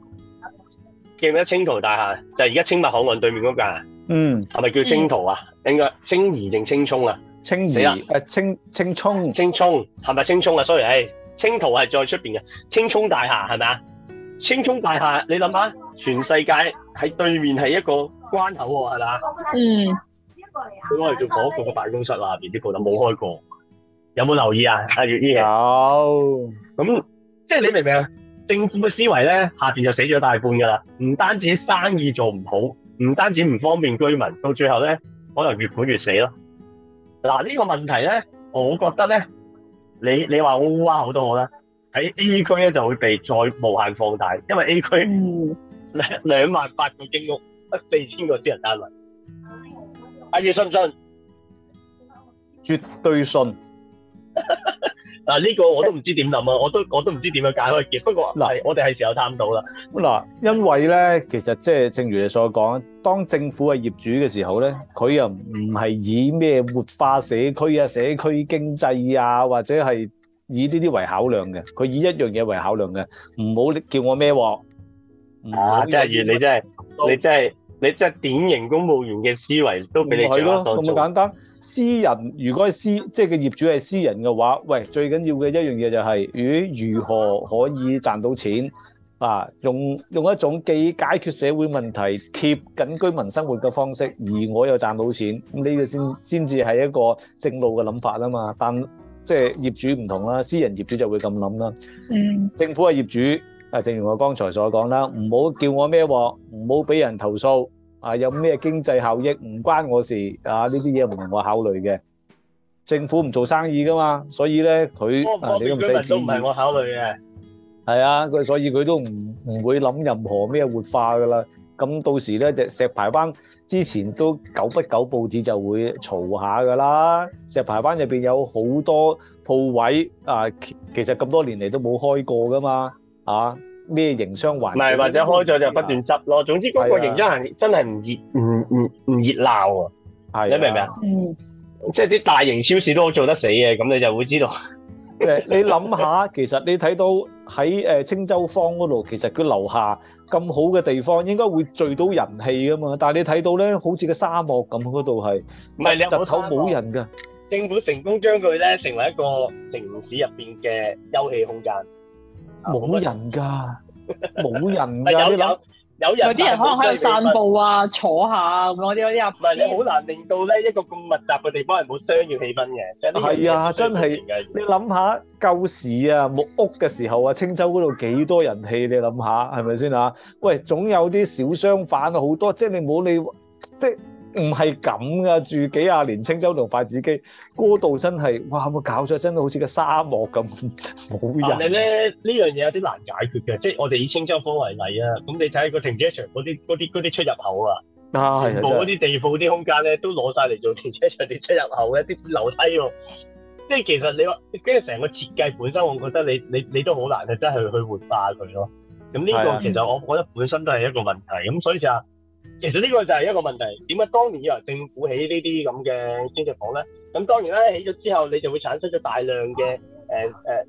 記唔記得青桃大廈就係而家青物口岸對面嗰間？嗯，係咪叫青桃啊、嗯？應該青怡定青葱啊？青怡誒青青葱，青葱係咪青葱啊？sorry。啊青圖係再出邊嘅，青葱大廈係咪啊？青葱大廈，你諗下，全世界喺對面係一個關口喎，係咪啊？嗯。佢攞嚟做房屋嘅辦公室啦，下邊啲舖頭冇開過，有冇留意啊？阿月姨有。咁即係你明唔明啊？政府嘅思維咧，下邊就死咗大半噶啦，唔單止生意做唔好，唔單止唔方便居民，到最後咧，可能越管越死咯。嗱，呢個問題咧，我覺得咧。你你話我烏鴉好都好啦，喺 A 區咧就會被再無限放大，因為 A 區兩萬八個經屋，四千個私人單位，阿姨信唔信？絕對信。嗱 呢個我都唔知點諗啊，我都我都唔知點樣解開結。不過嗱，我哋係時候探到啦。嗱、啊，因為咧，其實即係正如你所講，當政府係業主嘅時候咧，佢又唔係以咩活化社區啊、社區經濟啊，或者係以呢啲為考量嘅，佢以一樣嘢為考量嘅，唔好叫我孭鑊。啊，原即真係越嚟真係，你真係你真係典型公務員嘅思維都比你掌握多。咁簡單。私人如果係私，即係嘅業主係私人嘅話，喂，最緊要嘅一樣嘢就係咦，如如何可以賺到錢啊？用用一種既解決社會問題、貼緊居民生活嘅方式，而我又賺到錢，呢個先先至係一個正路嘅諗法啊嘛。但即係業主唔同啦，私人業主就會咁諗啦。政府係業主，啊，正如我剛才所講啦，唔好叫我孭鑊，唔好俾人投訴。啊！有咩經濟效益唔關我事啊！呢啲嘢唔係我考慮嘅。政府唔做生意噶嘛，所以咧佢你都唔使知。都唔係我考慮嘅。係啊，佢、啊、所以佢都唔唔會諗任何咩活化噶啦。咁到時咧就石排灣之前都久不久報紙就會嘈下噶啦。石排灣入邊有好多鋪位啊，其實咁多年嚟都冇開過噶嘛，啊！咩營商環境？唔係或者開咗就不斷執咯。總之嗰個營商環境真係唔熱唔唔唔熱鬧啊！係你明唔明啊？嗯，即係啲大型超市都好做得死嘅，咁你就會知道。誒，你諗下，其實你睇到喺誒青洲坊嗰度，其實佢樓下咁好嘅地方，應該會聚到人氣噶嘛。但係你睇到咧，好似個沙漠咁嗰度係，唔係你頭冇人㗎？政府成功將佢咧成為一個城市入邊嘅休憩空間。冇人㗎，冇人㗎， 有啲人，人可能喺度散步啊，坐下啊，咁嗰啲啲啊，唔係，你好難令到呢一個咁密集嘅地方係冇商業氣氛嘅。係啊，真係，你諗下舊時啊，木屋嘅時候啊，青州嗰度幾多人氣，你諗下係咪先啊？喂，總有啲小商販啊，好多，即係你冇你即係。唔係咁噶，住幾廿年青洲同筷子基，街道真係哇！我搞咗真係好似個沙漠咁冇人。但係咧呢樣嘢有啲難解決嘅，即係我哋以青洲坊為例啊。咁你睇個停車場嗰啲啲啲出入口啊，全部嗰啲地鋪啲空間咧都攞晒嚟做停車場地出入口嘅啲樓梯喎、啊。即係其實你話，跟住成個設計本身，我覺得你你你都好難啊，真係去活化佢咯。咁呢個其實我覺得本身都係一個問題。咁所以就。其實呢個就係一個問題，點解當年要由政府起呢啲咁嘅經濟房咧？咁當然啦，起咗之後你就會產生咗大量嘅誒誒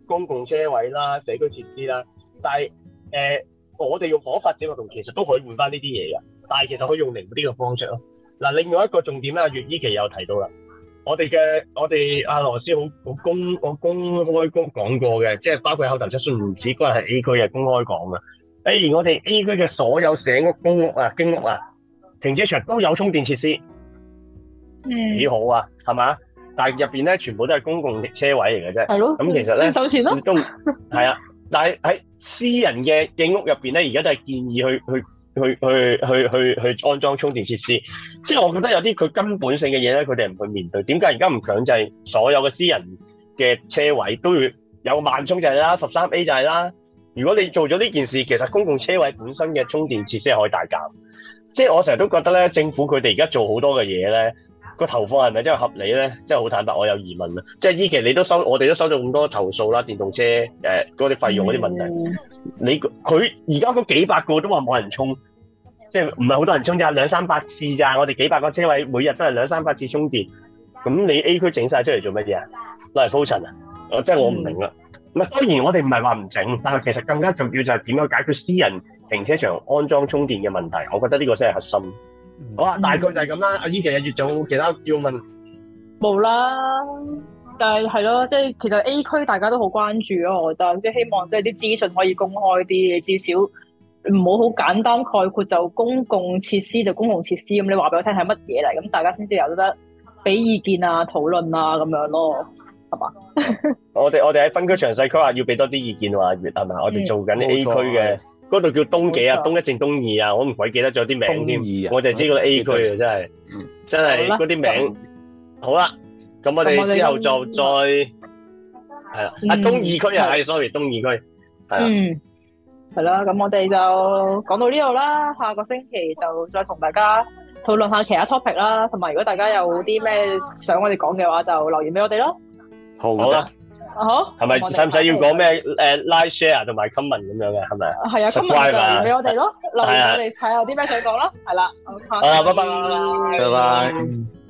公共車位啦、社區設施啦。但係誒、呃，我哋用火發展嘅同其實都可以換翻呢啲嘢嘅，但係其實可以用另外啲嘅方式咯。嗱、啊，另外一個重點咧，阿月依期有提到啦，我哋嘅我哋阿羅斯好好公我公開公講過嘅，即係包括口頭質詢唔止嗰日喺 A 區係公開講嘅。例、哎、如我哋 A 區嘅所有社屋公屋,公屋啊、經屋啊。停車場都有充電設施，幾好啊，係、嗯、嘛？但係入邊咧，全部都係公共車位嚟嘅啫。係咯，咁、嗯、其實咧，先收錢咯。係啊，但係喺私人嘅景屋入邊咧，而家都係建議去去去去去去安裝充電設施。即、就、係、是、我覺得有啲佢根本性嘅嘢咧，佢哋唔去面對。點解而家唔強制所有嘅私人嘅車位都要有慢充就係啦，十三 A 就係啦？如果你做咗呢件事，其實公共車位本身嘅充電設施可以大減。即係我成日都覺得咧，政府佢哋而家做好多嘅嘢咧，個投放係咪真係合理咧？真係好坦白，我有疑問啊！即係、e、依期你都收，我哋都收咗咁多投訴啦，電動車誒嗰啲費用嗰啲問題，嗯、你佢而家嗰幾百個都話冇人充，即係唔係好多人充啫？兩三百次咋，我哋幾百個車位每日都係兩三百次充電，咁你 A 區整晒出嚟做乜嘢啊？攞嚟鋪塵啊？即我即係我唔明啦。唔係當然我哋唔係話唔整，但係其實更加重要就係點樣解決私人停車場安裝充電嘅問題，我覺得呢個先係核心。嗯、好啊，大概就係咁啦。阿姨，其實越早其他要問冇啦，但係係咯，即係其實 A 區大家都好關注咯，我覺得即係希望即係啲資訊可以公開啲，至少唔好好簡單概括就公共設施就公共設施咁。你話俾我聽係乜嘢嚟，咁大家先至有得俾意見啊、討論啊咁樣咯，係嘛 我哋我哋喺分區詳細區話要俾多啲意見話越係嘛？我哋做緊 A 區嘅。嗰度叫東幾啊？東一正、東二啊，我唔鬼記得咗啲名添，我就知個 A 區啊，真係，真係嗰啲名。好啦，咁我哋之後就再，係啊，啊東二區啊，sorry，東二區，係啊，係啦，咁我哋就講到呢度啦，下個星期就再同大家討論下其他 topic 啦，同埋如果大家有啲咩想我哋講嘅話，就留言俾我哋咯。好啦。啊，係咪使唔使要講咩誒 Like Share 同埋 Comment 咁樣嘅係咪？係啊，Subscribe 就俾我哋咯，留俾我哋睇下啲咩想講咯，係啦，好啦，拜拜，拜拜。